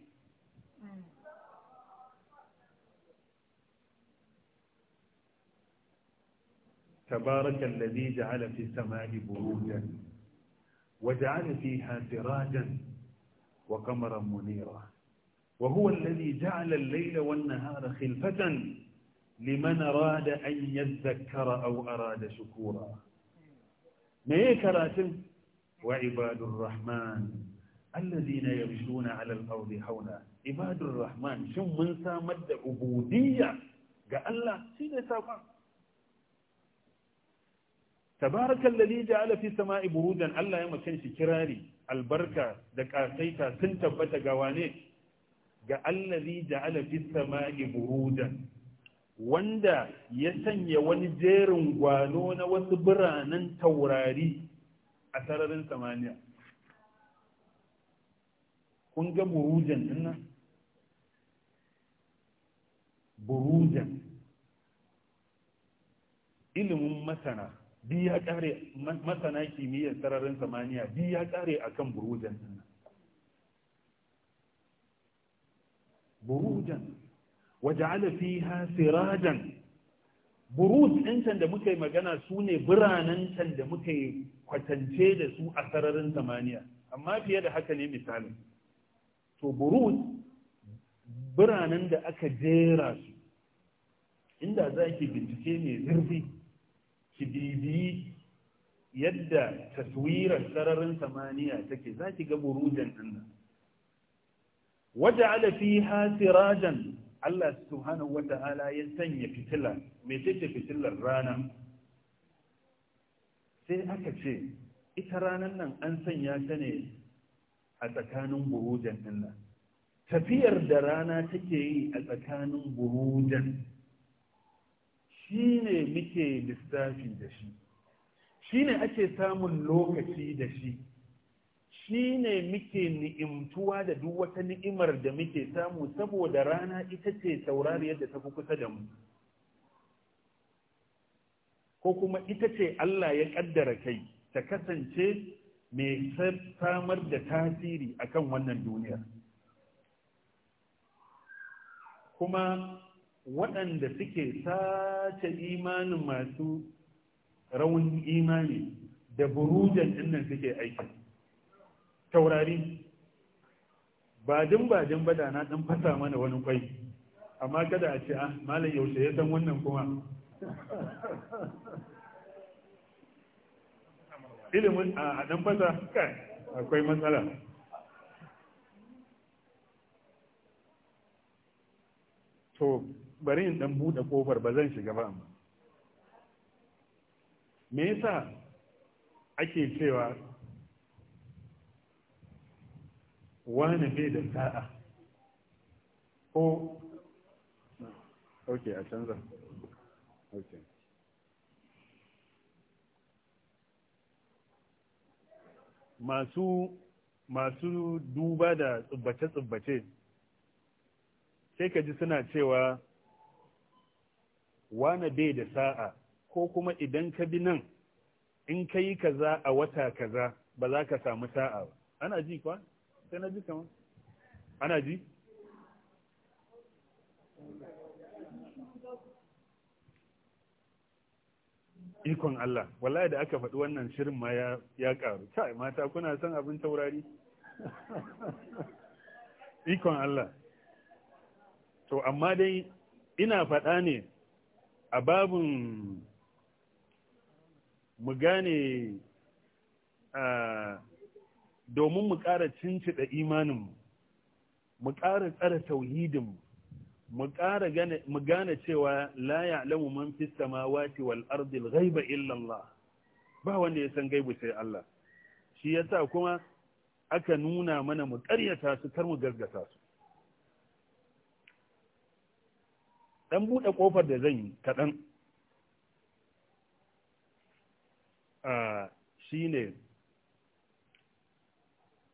تبارك الذي جعل في السماء بروجا وجعل فيها سراجا وقمرا منيرا وهو الذي جعل الليل والنهار خلفة لمن أراد أن يذكر أو أراد شكورا ما هي كراتب وعباد الرحمن الذين يمشون على الأرض حولا عباد الرحمن شو من سامد عبودية قال الله سيدة سابقا tabarakan lalli ja'ala fi sama'i burujan Allah ya makan shi kirari albarka da kasaita sun tabbata ga wane ga allazi ja'ala fi sama'i burujan wanda ya sanya wani jerin gwano na wasu biranen taurari a sararin samaniya kun ga burujan dinnan burujan ilimin masana bi ya kare masana kimiyyar sararin samaniya bi ya kare akan burujan din burujan waje fiha sirajan buruj din can da muka yi magana su ne biranen can da muka yi kwatance da su a sararin samaniya amma fiye da haka ne misali to buruj biranen da aka jera su inda za ki bincike mai zurfi ki bibiyi yadda taswirar sararin samaniya take za ki ga burujan nan Wata alafi hasirajan Allah subhanahu wata'ala ya sanya fitila mai ce fitilar rana sai aka ce ita ranar nan an sanya ta ne a tsakanin burujan nan tafiyar da rana take yi a tsakanin burujan shi ne muke lissafi da shi shi ake samun lokaci da shi shi muke ni'imtuwa da duk wata ni'imar da muke samu saboda rana ita ce taurariyar da ta fi kusa da mu ko kuma ita ce Allah ya ƙaddara kai ta kasance mai samar da tasiri akan wannan duniyar kuma waɗanda suke sace imanin masu rawan imani da burujan ɗinnan suke aiki taurari badin badin bada na ɗan fasa mana wani kwai amma kada a ce a, ah, malam yaushe ya san wannan kuma ilimin a ɗan fasa kai akwai matsala to bari in dan buɗe kofar ba zan shiga ba amma me yasa ake cewa wani bai da sa'a ko ok a canza ok masu masu duba da tsubbace-tsubbace sai ka ji suna cewa wane bai da sa'a ko kuma idan ka bi nan in ka yi kaza a wata kaza ba za ka samu sa'a ba ana ji kwa sai na ji kama ana ji ikon Allah wallahi da aka faɗi wannan shirin ma ya ƙaru kai mata kuna son abin taurari ikon Allah to amma dai ina faɗa ne a babin mu gane domin mu ƙara cincida imaninmu mu ƙara tsara tauhidinmu mu gane cewa la ya'lamu man fis samawati wal ardi al ghaiba illa ba wanda ya san gaibu sai Allah shi yasa kuma aka nuna mana mu ƙaryata su kar mu gargata su dan buɗe ƙofar da zan yi kaɗan shi ne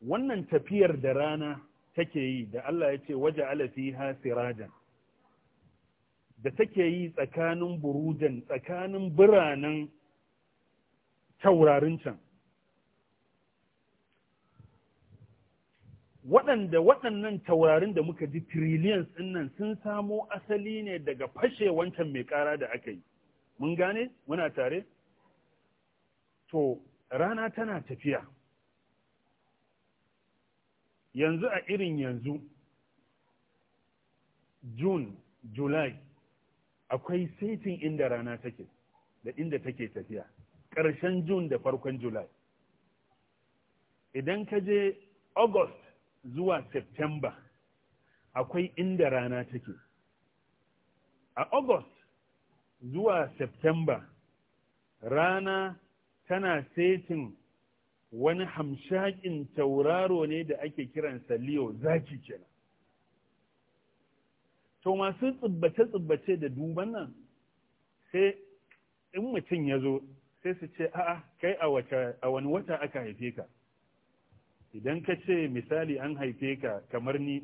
wannan tafiyar da rana take yi da Allah ya ce waje alafiha sirajan da take yi tsakanin burujan tsakanin biranen taurarin can waɗanda waɗannan taurarin da muka ji trillions ɗin nan sun samo asali ne daga fashe wancan mai ƙara da aka yi mun gane muna tare to rana tana tafiya yanzu a irin yanzu june july akwai saitin inda rana take da inda take tafiya ƙarshen june da farkon july idan ka je august zuwa September akwai inda rana take. A August zuwa September rana tana setin wani hamshakin tauraro ne da ake kiransa Leo zaki kenan. To masu tsibbace-tsibbace da duban nan sai in mutum ya zo sai su ce a'a kai a wani wata aka haife ka. idan ka ce misali an haife ka kamar ni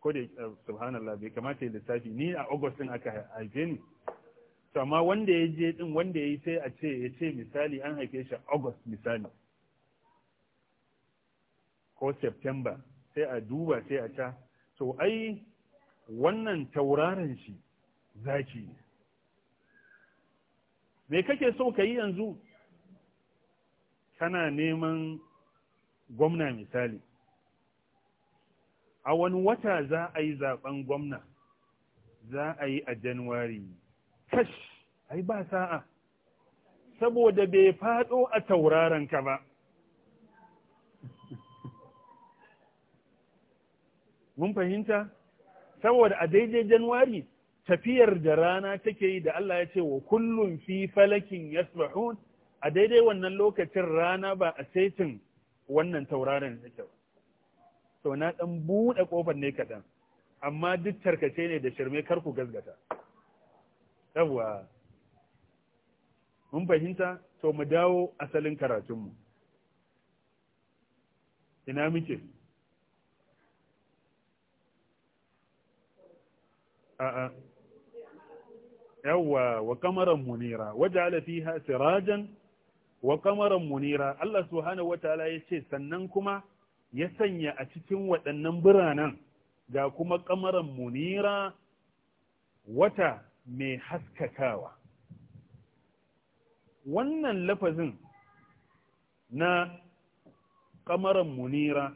ko da eh, subhanallah bai kamata ya lissafi ni a august din aka haife ni to amma wanda ya je din wanda ya yi sai a ce ya ce misali an haife shi august misali ko september sai a duba sai a ta to ai wannan tauraron shi zaki ne me kake so ka yi yanzu kana neman gwamna misali a wani wata za a yi zaben gwamna za a yi a januwari kash ai ba sa'a saboda bai faɗo a tauraron ka ba mun fahimta saboda a daidai januwari tafiyar da rana take yi da Allah ya ce wa kullum fi falakin yasbahun a daidai wannan lokacin rana ba a saitin wannan tauraron da kyau to na ɗan buɗe kofar ne kaɗan amma duk tarkace ne da shirme kar gazgata yawwa mun fahimta to mu dawo asalin karatunmu ina muke a'a yawwa wa kamaran munira waja'ala fiha sirajan wa kamaran munira Allah subhanahu wataala ya ce sannan kuma ya sanya a cikin waɗannan biranen ga kuma kamaran munira wata mai haskakawa wannan lafazin na kamaran munira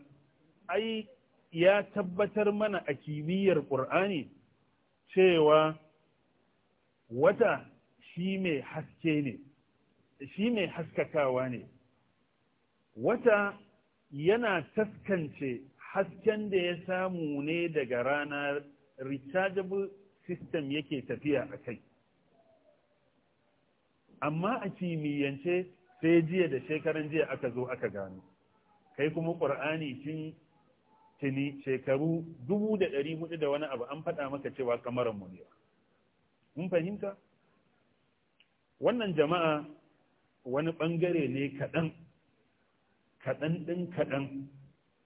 ai ya tabbatar mana a kimiyyar ƙur'ani cewa wata shi mai haske ne shi mai haskakawa ne wata yana taskance hasken da ya samu ne daga rana rechargeable system yake tafiya a kai amma a kimiyyance sai jiya da shekaran jiya aka zo aka gano kai kuma ƙur'ani tun tuni shekaru dubu da ɗari hudu da wani abu an faɗa maka cewa kamar mu ne mun fahimta wannan jama'a wani ɓangare ne kaɗan kaɗan ɗin kaɗan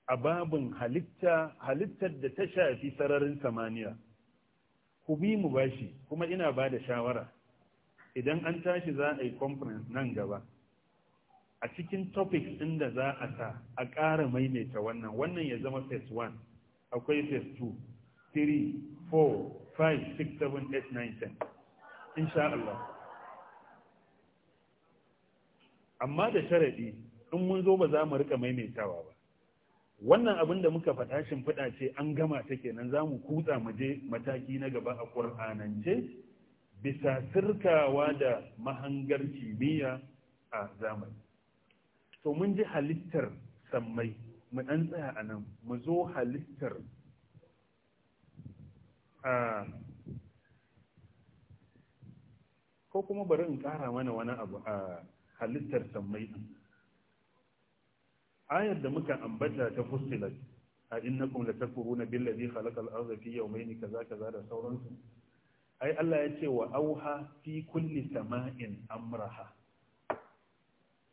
a babin halitta halittar da ta shafi sararin samaniya ku bi mu bashi kuma ina ba da shawara idan an tashi za a yi conference nan gaba a cikin topics ɗin da za a sa a ƙara maimaita wannan wannan ya zama phase 1 akwai phase 2 3 4 5 6 7 8 9 10 insha Allah amma da sharadi in mun zo ba za mu rika maimaitawa ba wannan abin da muka faɗa shimfiɗa ce an gama ta kenan za mu kutsa mu je mataki na gaba a ƙur'anance bisa sirkawa da mahangar kimiyya a zamani to mun ji halittar sammai mu ɗan tsaya a nan mu zo halittar a ko kuma bari in ƙara mana wani abu a halittar sammai ayar da muka ambata ta fusilat a innakum latakfuruna billazi khalaqal arda fi yawmayn kaza kaza da sauransu ai Allah ya ce wa auha fi kulli sama'in amraha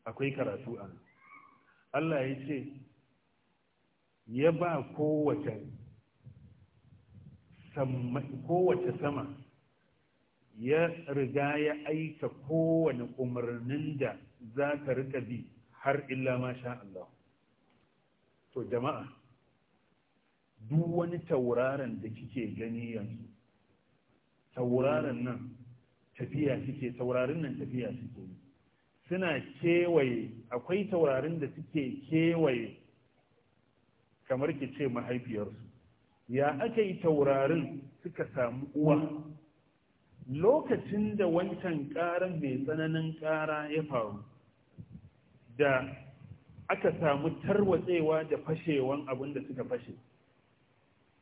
akwai karatu a Allah ya ce ya ba kowace kowace sama ya riga ya aika kowane umarnin da za ka rika bi har illa ma sha Allah to jama'a duk wani tauraron da kike gani yanzu tauraron nan tafiya suke taurarin nan tafiya suke suna kewaye akwai taurarin da suke kewaye kamar ki ce mahaifiyarsu ya aka yi taurarin suka samu uwa lokacin da wancan ƙara mai tsananin ƙara ya faru da aka samu tarwatsewa da fashewan abin da suka fashe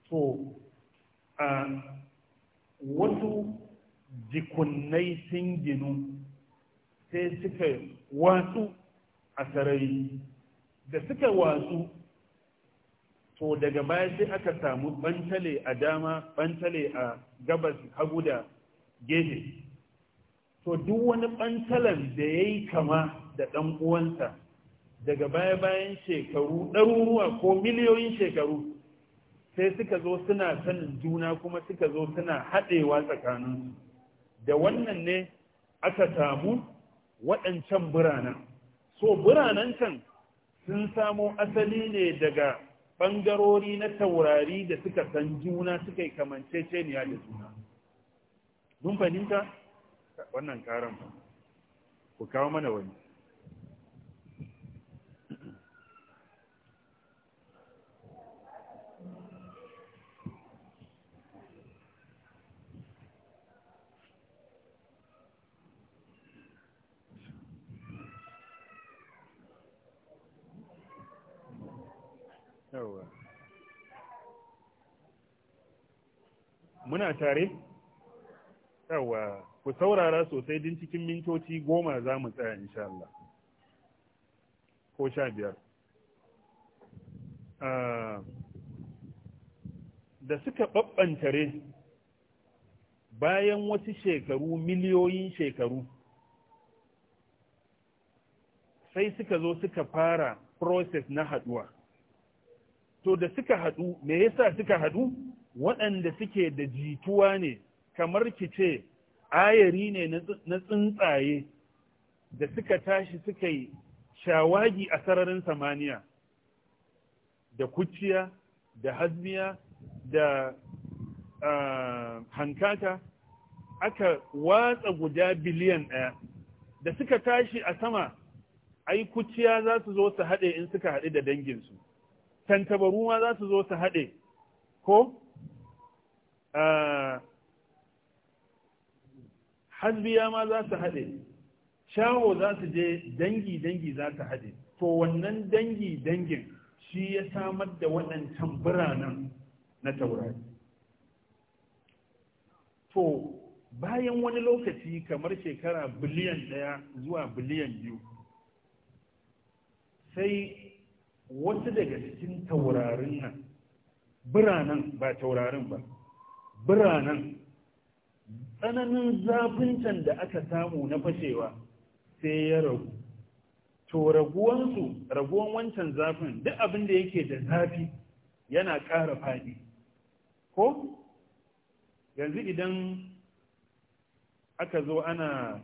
to a wasu jikunnai sun ginu sai suka watsu a sarari da suka watsu to daga baya sai aka samu bantale a dama bantale a gabas hagu da gefe to duk wani ɓantalar da ya yi kama da ɗan uwansa daga baya-bayan shekaru ɗaruruwa ko miliyoyin shekaru sai suka zo suna sanin juna kuma suka zo suna haɗewa tsakaninsu da wannan ne aka samu waɗancan biranen so biranen can sun samo asali ne daga ɓangarori na taurari da suka san juna suka yi kamanceceniya da juna mun fahimta wannan karan ku kawo mana wani muna tare? yawa ku saurara sosai din cikin mintoci goma za mu tsaya insha Allah ko sha biyar ah, da suka ɓaɓɓantare bayan wasu shekaru miliyoyin shekaru sai suka zo suka fara process na haɗuwa, to da suka haɗu, me yasa suka haɗu? waɗanda suke da jituwa ne kamar ki ce ayari ne na tsuntsaye da suka tashi suka yi shawagi a sararin samaniya da kuciya da hazmiya da hankaka aka watsa guda biliyan ɗaya da suka tashi a sama ai kuciya za su zo su haɗe in suka haɗe da danginsu tantabaru ma za su zo su haɗe ko hasbiya ma za su haɗe shawo za su je dangi dangi za su haɗe to wannan dangi dangin shi ya samar da waɗancan biranen na taurari to bayan wani lokaci kamar shekara biliyan ɗaya zuwa biliyan biyu sai wasu daga cikin taurarin nan biranen ba taurarin ba biranen tsananin zafin can da aka samu na fashewa sai ya ragu to raguwansu raguwan wancan zafin duk abin da yake da zafi yana ƙara faɗi ko yanzu idan aka zo ana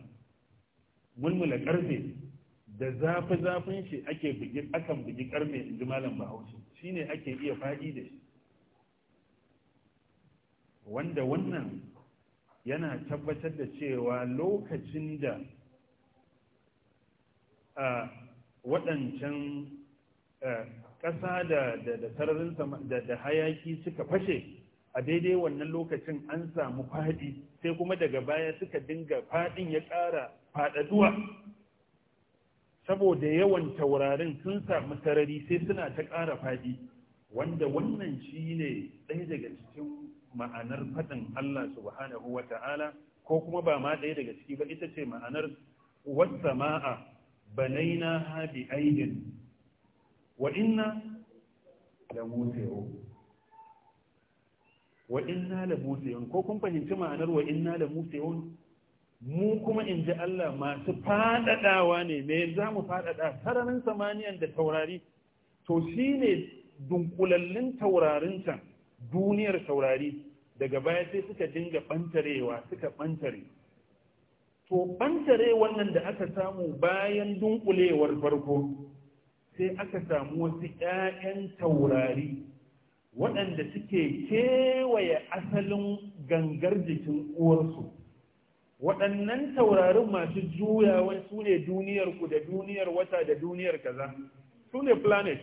mulmula ƙarfe da zafi-zafin shi ake bugi akan bugi ƙarfe in ji malam bahaushe shine ake iya faɗi da shi wanda wannan yana tabbatar da cewa lokacin da a waɗancan ƙasa da sararin da hayaki suka fashe a daidai wannan lokacin an samu faɗi sai kuma daga baya suka dinga faɗin ya ƙara faɗaɗuwa saboda yawan taurarin sun samu sarari sai suna ta ƙara faɗi wanda wannan shi ne ɗaya daga cikin ma'anar faɗin Allah subhanahu wa ta'ala ko kuma ba ma ɗaya daga ciki ba ita ce ma'anar wasa ma'a banaina haɗi aidin wa da musayo ko kuma fahimci ma'anar wa da mu kuma in ji Allah masu faɗaɗawa ne me za mu faɗaɗa sararin samaniyan da taurari to shi ne dunkulallin taurarin can duniyar saurari daga baya sai suka dinga ɓantarewa suka ɓantare to ɓantare wannan da aka samu bayan dunkulewar farko sai aka samu wasu 'ya'yan taurari waɗanda suke kewaye asalin gangar jikin uwarsu waɗannan taurarin masu juyawa su ne duniyarku da duniyar wata da duniyar kaza su ne planet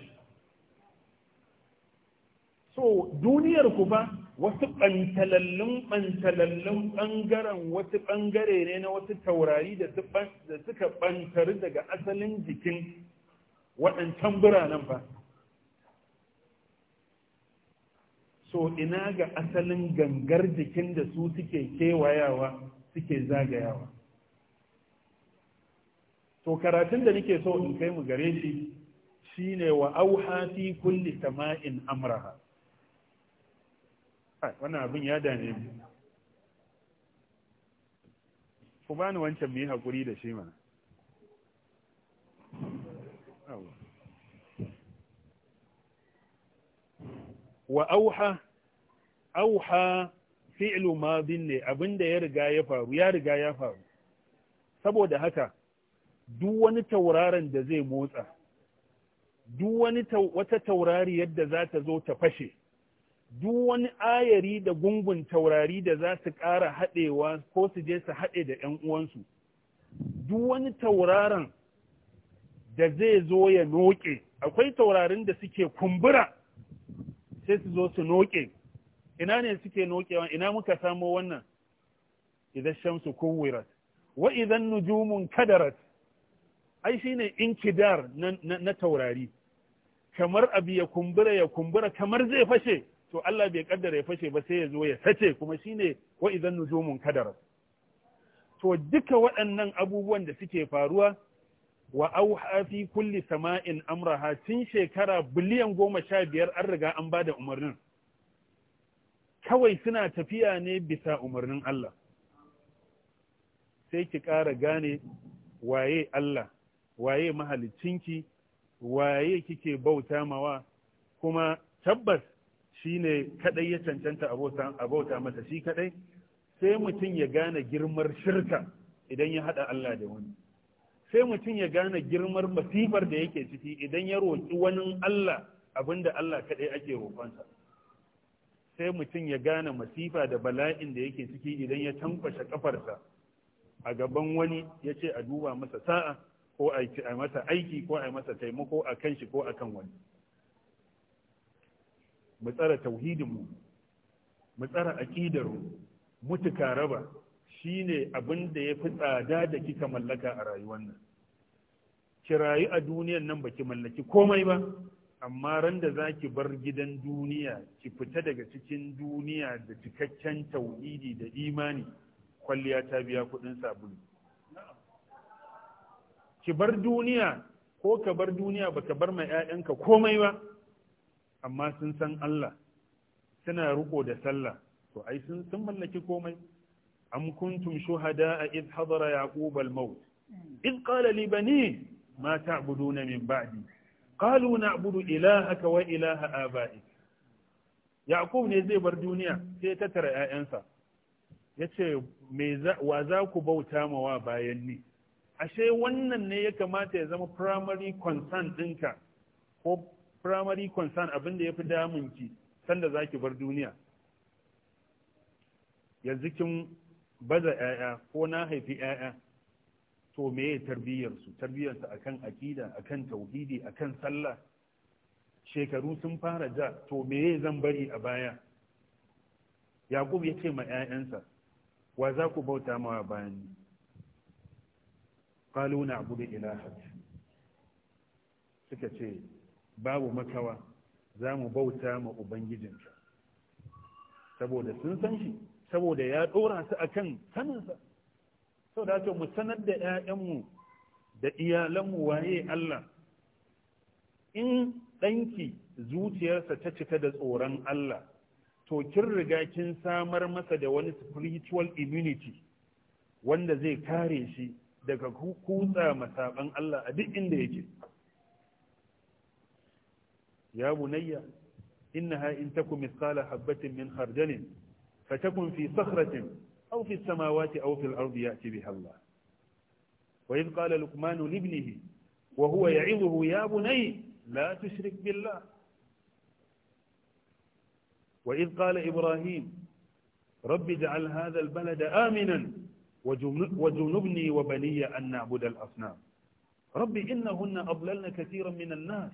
so duniyar ku ba wasu ɓantalallun ɓantalallun ɓangaren wasu ɓangare ne na wasu taurari da suka ɓantari daga asalin jikin waɗancan biranen ba so ina ga asalin gangar jikin da su suke kewayawa suke zagayawa to karatun da nake so in kai mu gare shi shine wa auha fi kulli sama'in amraha wannan abin ya dame mu ku bani wancan mu yi haƙuri da shi mana wa auha auha fi'lu madin ne abinda ya riga ya faru ya riga ya faru saboda haka duk wani tauraron da zai motsa duk wani wata taurari yadda za ta zo ta fashe duk wani ayari da gungun taurari da za su ƙara haɗewa ko su je su haɗe da ‘yan uwansu, duk wani tauraron da zai zo ya noƙe, akwai taurarin da suke kumbura sai su zo su noƙe, ina ne suke noƙewa, ina muka samo wannan, idan shamsu kuwirat, wa idan nujumun kadarat, ai shi ne inkidar na taurari, kamar abu ya kumbura ya kumbura kamar zai fashe. to Allah bai kaddara ya fashe ba sai ya zo ya sace kuma shine wa idan nujumun kadara to duka waɗannan abubuwan da suke faruwa wa auha fi kulli sama'in amraha tun shekara biliyan goma sha biyar an riga an bada umarnin kawai suna tafiya ne bisa umarnin Allah sai ki ƙara gane waye Allah waye mahalicinki waye kike bauta mawa kuma tabbas Shi ne kaɗai ya cancanta abota masa shi kaɗai. sai mutum ya gane girmar shirka idan ya haɗa Allah da wani sai mutum ya gane girmar masifar da yake ciki idan ya roƙi wani Allah abinda Allah kaɗai ake roƙonsa sai mutum ya gane masifa da bala'in da yake ciki idan ya tankwashe kafarsa a gaban wani ya ce a duba masa sa'a ko a masa aiki ko a masa taimako a kan shi ko a kan wani mu tsara tauhidinmu mu tsara mu mutuka raba shi ne abin da ya fi tsada da kika mallaka a rayuwar nan ki rayu a duniyan nan baki mallaki komai ba amma ran da za ki bar gidan duniya ki fita daga cikin duniya da cikakken tauhidi da imani kwalliya ta biya kudin sabulu ki bar duniya ko ka bar duniya baka bar ma 'ya'yanka komai ba amma sun san Allah suna riko da sallah to ai sun sun mallaki komai am kuntum shuhada a id hadara yaqub al maut id qala li bani ma ta'buduna min ba'di qalu na'budu ilahaka wa ilaha aba'ik yaqub ne zai bar duniya sai ta tara ƴaƴansa yace me wa za ku bauta wa bayan ni ashe wannan ne ya kamata ya zama primary concern dinka ko primary concern abin da ya fi ki sanda za ki bar duniya yanzu kin baza 'ya'ya ko na haifi 'ya'ya to meye tarbiyyarsu su akan akida akan tauhidi akan sallah shekaru sun fara ja to meye zan bari a baya yaqub ya ce ma 'ya'yansa wa za ku bauta mawa bayan ni qalu na'budu ilahat suka ce babu makawa za mu bauta ma ubangijinsa saboda sun san shi saboda ya ɗora su akan saninsa sau da mu sanar da 'ya'yanmu da iyalanmu waye Allah in ɗanki zuciyarsa ta cika da tsoron Allah to kin riga kin samar masa da wani spiritual immunity wanda zai kare shi daga kutsa masaban Allah a duk inda yake. يا بني إنها إن تكن مثقال حبة من خردل فتكن في صخرة أو في السماوات أو في الأرض يأتي بها الله وإذ قال لقمان لابنه وهو يعظه يا بني لا تشرك بالله وإذ قال إبراهيم رب اجعل هذا البلد آمنا وجنبني وبني أن نعبد الأصنام رب إنهن أضللن كثيرا من الناس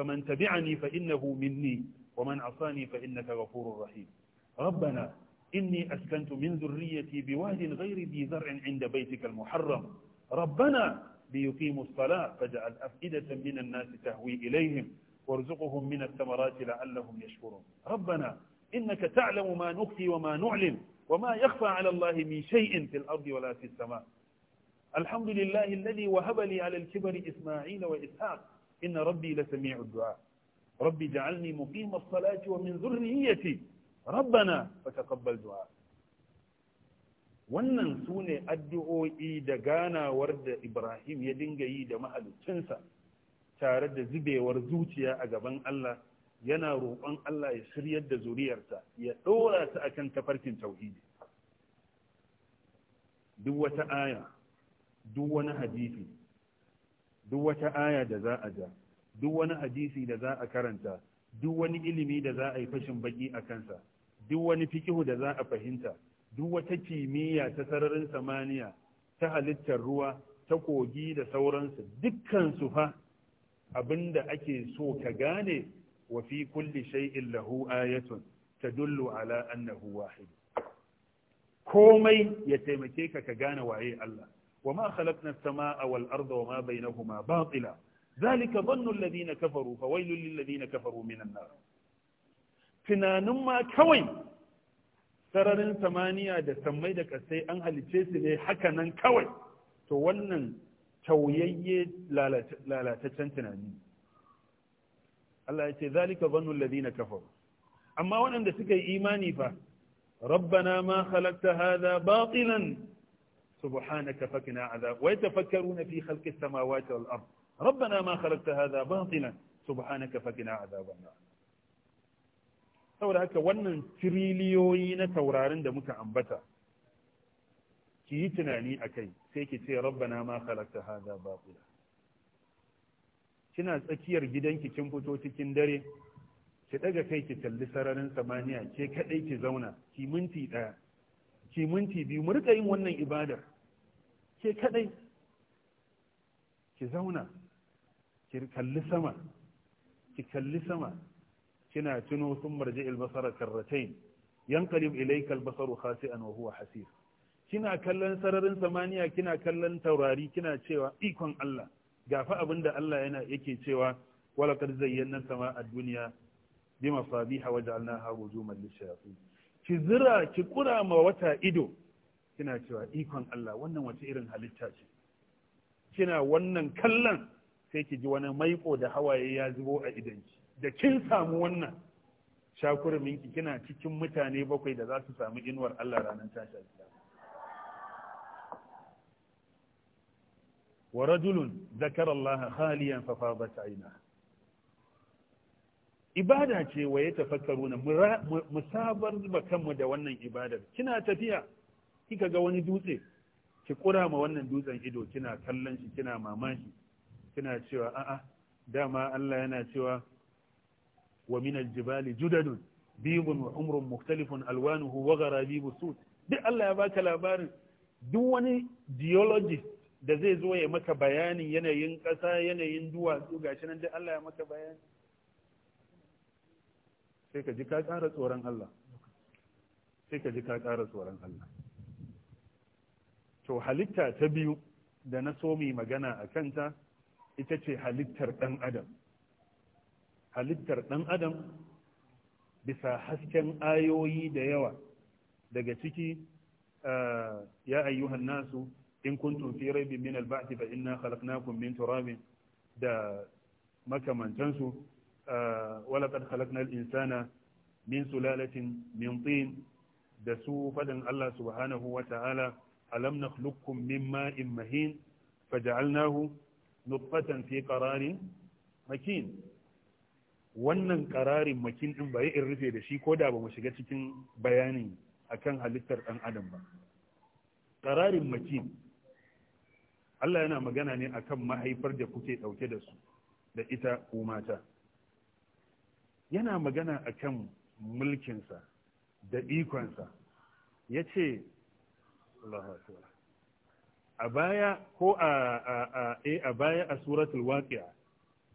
فمن تبعني فإنه مني ومن عصاني فإنك غفور رحيم ربنا إني أسكنت من ذريتي بواد غير ذي زرع عند بيتك المحرم ربنا ليقيموا الصلاة فاجعل أفئدة من الناس تهوي إليهم وارزقهم من الثمرات لعلهم يشكرون ربنا إنك تعلم ما نخفي وما نعلم وما يخفى على الله من شيء في الأرض ولا في السماء الحمد لله الذي وهب لي على الكبر إسماعيل وإسحاق inna rabbi la sami'u du'a rabbi da muqima as-salati wa min dhurriyyati rabbana fataqabbal du'a wannan sune addu'o'i da ganawar da Ibrahim ya dinga yi da mahaliccinsa tare da zubewar zuciya a gaban Allah yana roƙon Allah ya shiryar da zuriyarsa ya ɗora ta akan tafarkin tauhidi duk wata aya duk wani hadisi duk wata aya da za a ja duk wani hadisi da za a karanta duk wani ilimi da za a yi fashin baki a kansa duk wani fikihu da za a fahimta duk wata kimiyya ta sararin samaniya ta halittar ruwa ta kogi da sauransu dukkan su fa abinda ake so ka gane wa fi kulli shay'in lahu ayatun tadullu ala annahu wahid komai ya taimake ka ka gane waye Allah وما خلقنا السماء والأرض وما بينهما باطلا ذلك ظن الذين كفروا فويل للذين كفروا من النار tunanin ma kawai sararin samaniya da sammai da kasai an halice su ne haka nan kawai to wannan tauyayye lalataccen tunani Allah ya ce zalika zannu alladhina kafaru amma waɗanda suka yi imani fa rabbana ma khalaqta hadha سبحانك فقنا عذاب ويتفكرون في خلق السماوات والأرض ربنا ما خلقت هذا باطلا سبحانك فقنا عذاب النار saboda haka wannan tiriliyoyi na taurarin da muka ambata ki yi tunani a kai sai ki ce rabbana ma khalaqta hadha batila kina tsakiyar gidanki kin fito cikin dare ki daga kai ki talli sararin samaniya ke kadai ki zauna ki minti daya ki minti biyu mu rika yin wannan ibadar ke kadai ki zauna ki kalli sama ki kalli sama kina tuno sun marji albasara karratain yanqalib ilayka albasaru khasi'an wa huwa hasir kina kallon sararin samaniya kina kallon taurari kina cewa ikon Allah gafa abinda Allah yana yake cewa walaqad zayyana sama'a dunya bima sabiha waja'alnaha rujuman lishayatin ki zira ki kura ma wata ido kina cewa ikon Allah wannan wace irin halitta ce kina wannan kallon sai ki ji wani maiƙo da hawaye ya zubo a idanki da kin samu wannan shakurumin ki kina cikin mutane bakwai da za su samu inuwar Allah ranar tashin wa rajulun zakara Allah khaliyan fa fadat ibada ce wa ya tafakkaru na musabar kanmu da wannan ibadar kina tafiya kika ga wani dutse ki kura ma wannan dutsen ido kina kallon shi kina mamaki kina cewa a'a dama Allah yana cewa wa min al-jibali judadun bibun wa umrun mukhtalifun alwanuhu wa gharabibu sud duk Allah ya baka labarin duk wani geologist da zai zo ya maka bayanin yanayin ƙasa yanayin duwatsu gashi nan duk Allah ya maka bayani sai ka ji ka ƙara tsoron Allah sai ka ji ka ƙara tsoron Allah to halitta ta biyu da na so mai magana a kanta ita ce halittar ɗan adam halittar ɗan adam bisa hasken ayoyi da yawa daga ciki eh, ya ayyuhan nasu in kuntum fi raibin min al-ba'thi fa inna khalaqnakum min turabin da makamantansu eh, walaƙad halaknar insana min sulalatin min tin da su faɗin Allah subhanahu wa ta'ala alam nakhluqukum min ma'in mahin faja'alnahu nutfatan fi qararin makin wannan qararin makin din bai in rufe da shi ko da ba mu shiga cikin bayani akan halittar dan adam ba qararin makin Allah yana magana ne akan mahaifar da kuke dauke da su da ita ko mata yana magana akan mulkinsa da ikonsa ya ce a baya ko a eh, a baya a suratul waqi'a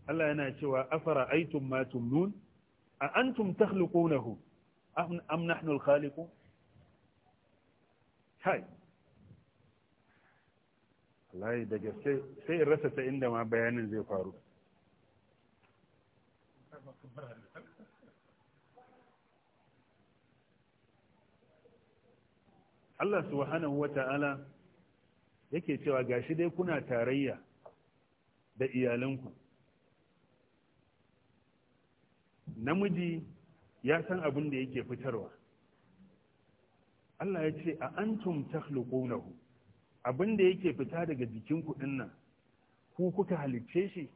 Allah yana cewa afara aitum ma tumnun a antum takhluqunahu am nahnu al-khaliqun hai Allah da gaske sai in rasa ta inda ma bayanin zai faru Allah subhanahu ta'ala yake cewa gashi dai kuna tarayya da iyalanku namiji ya san abin da yake fitarwa Allah ya ce a antum takhluqunahu abin da yake fita daga jikin kuɗin nan ku kuka halicce shi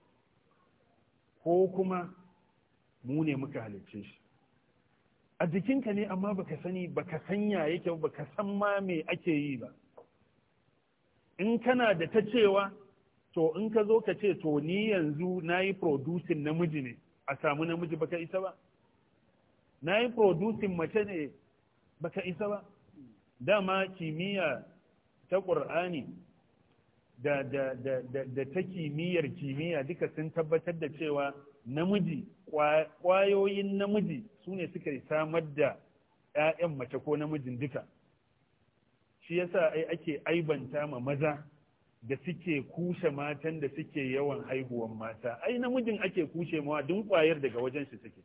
ko kuma mu ne muka halicce shi a jikinka ne amma baka sani baka sanya yake baka san ma me ake yi ba in kana da ta cewa to in ka zo ka ce to ni yanzu na yi producing namiji ne a samu namiji baka isa ba na yi producing mace ne baka isa ba dama kimiyya ta ƙur'ani da, da, ta kimiyyar kimiyya duka sun tabbatar da cewa namiji kwayoyin namiji su ne suka samar da 'ya'yan mace ko namijin duka shi yasa ai ake aibanta ma maza da suke kushe matan da suke yawan haihuwan mata ai namijin ake kushe mawa duk kwayar daga wajen shi suke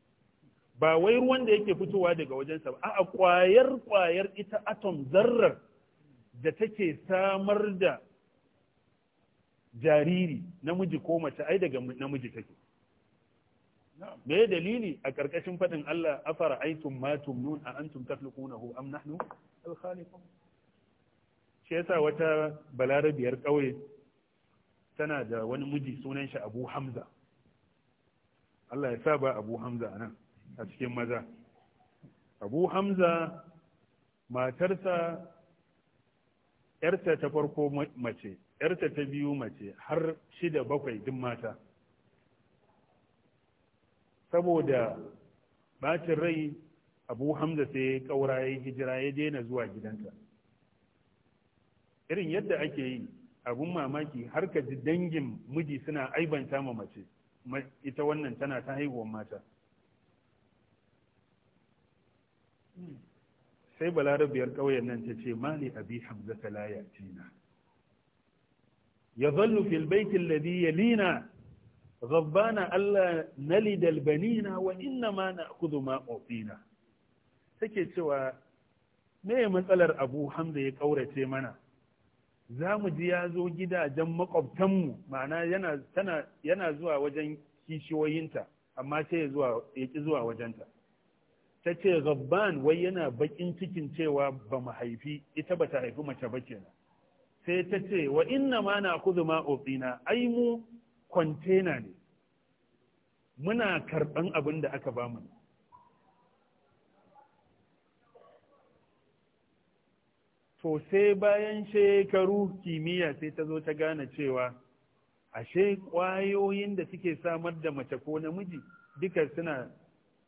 ba wai ruwan da yake fitowa daga wajen sa ba a kwayar kwayar ita atom zarrar da take samar da jariri namiji ko mace ai daga namiji take me dalili a ƙarƙashin faɗin Allah afara aikin matum nun a antum takhluqunahu am nahnu al shi yasa wata balarabiyar ƙauye tana da wani miji sunan shi Abu Hamza Allah ya saba Abu Hamza a nan a cikin maza Abu Hamza matarsa yarta ta farko mace yarta ta biyu mace har shida bakwai duk mata saboda bacin rai abu hamza sai kaura ya hijira ya daina zuwa gidanta irin yadda ake yi abun mamaki har ka ji dangin miji suna aibanta ma mace ita wannan tana ta haihuwar mata sai balarabiyar ƙauyen nan ta ce mali abi hamza ta laya tina ya zallu fil baitin ya yalina rabbana Allah nalidal banina wa inna ma na'khudhu ma utina take cewa me matsalar Abu Hamza ya kaurace mana za mu ji ya zo gidajen makwabtanmu ma'ana yana zuwa wajen kishiyoyinta amma sai ya zuwa ki zuwa wajenta ta ce gabban wai yana bakin cikin cewa ba mu haifi ita ba ta haifi mace ba kenan sai ta ce wa inna ma na kudu ma ofina ai mu kwantena ne muna karɓan abin da aka bamu to sai bayan shekaru kimiyya sai ta zo ta gane cewa ashe ƙwayoyin da suke samar da mace ko namiji duka suna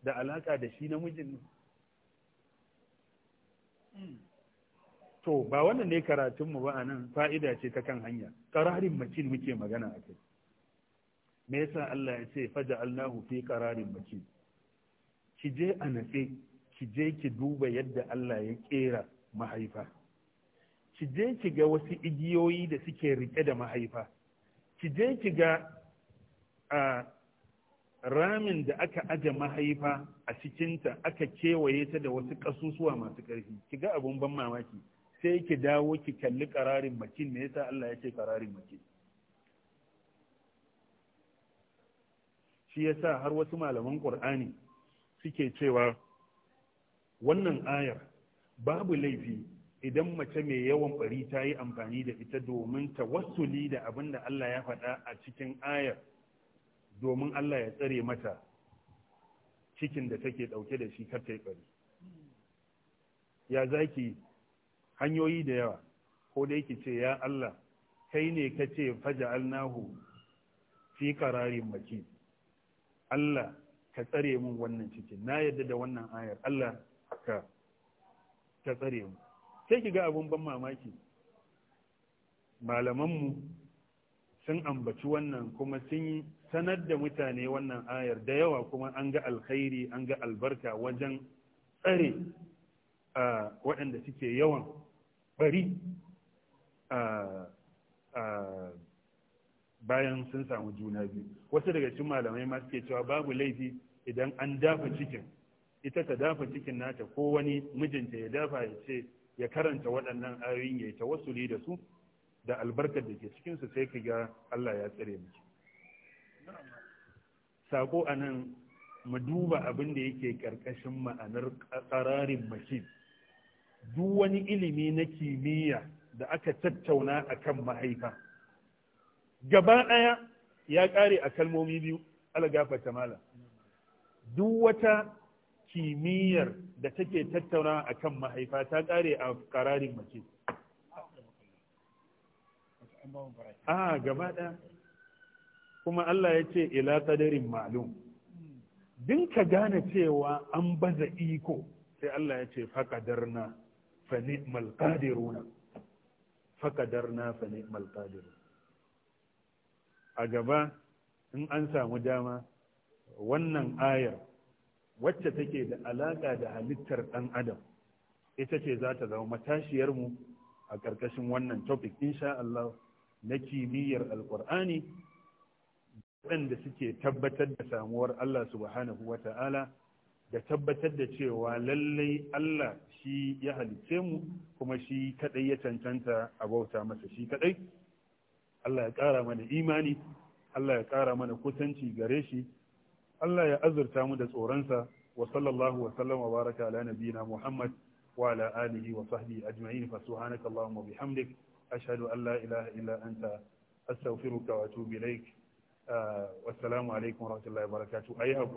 da alaƙa da shi namijin ne to ba wannan ne karatunmu ba a nan fa'ida ce ta kan hanya ƙararin mace muke magana a kai me yasa Allah ya ce allahu fi qararin makin ki je a natse ki je ki duba yadda Allah ya kera mahaifa ki je ki ga wasu igiyoyi da suke rike da mahaifa ki je ki ga a ramin da aka aje mahaifa a cikinta aka kewaye ta da wasu ƙasusuwa masu ƙarfi ki ga abun ban mamaki sai ki dawo ki kalli ƙararin makin me yasa Allah ya ce ƙararin makin shi sa har wasu malaman ƙur'ani suke cewa wannan ayar babu laifi idan mace mai yawan bari ta yi amfani da ita domin ta wasuli da abin da Allah ya faɗa a cikin ayar domin Allah ya tsare mata cikin da take ɗauke da shi kar ta yi bari ya zaki hanyoyi da yawa ko da yake ce ya Allah kai ne ka ce faja'alnahu fi qararin makin Allah ka tsare mun wannan cikin na yadda da wannan ayar Allah ka ka tsare mu sai ki ga abun ban mamaki malamanmu sun ambaci wannan kuma sun yi sanar da mutane wannan ayar da yawa kuma an ga alkhairi an ga albarka wajen tsare waɗanda suke yawan bari a bayan sun samu juna biyu wasu daga cikin malamai ma suke cewa babu laifi idan an dafa cikin ita ta dafa cikin nata ko wani mijinta ya dafa ya ce ya karanta waɗannan ayoyin ya yi tawassuli da su da albarkar da ke cikinsu sai ka ga Allah ya tsare miki sako a nan mu duba abin da yake karkashin ma'anar kararin mashin duk wani ilimi na kimiyya da aka tattauna akan mahaifa gaba ɗaya ya ƙare a kalmomi biyu algafata mala duk wata kimiyyar da take tattauna a kan mahaifa ta ƙare a ƙararin mace a gaba ɗaya kuma Allah ya ce ila ƙadarin malum din ka gane cewa an baza iko sai Allah ya ce faƙadarna fa ni'mal qadiruna faƙadarna fa ni'mal qadiruna a gaba in an samu dama wannan ayar wacce take da alaƙa da halittar ɗan adam ita ce za ta zama matashiyarmu a ƙarƙashin wannan topic insha Allah na kimiyyar alƙur'ani waɗanda suke tabbatar da samuwar Allah subhanahu wa ta'ala da tabbatar da cewa lallai Allah shi ya halicce mu kuma shi kaɗai ya cancanta a bauta masa shi kaɗai Allah ya ƙara mana imani Allah ya ƙara mana kusanci gare shi Allah ya azurta mu da tsoronsa wa sallallahu wa sallam wa baraka ala nabiyina Muhammad wa ala alihi wa sahbihi ajma'in fa subhanaka allahumma bihamdik ashhadu an la ilaha illa anta astaghfiruka wa atubu ilaik ah, wassalamu alaikum wa rahmatullahi wa barakatuh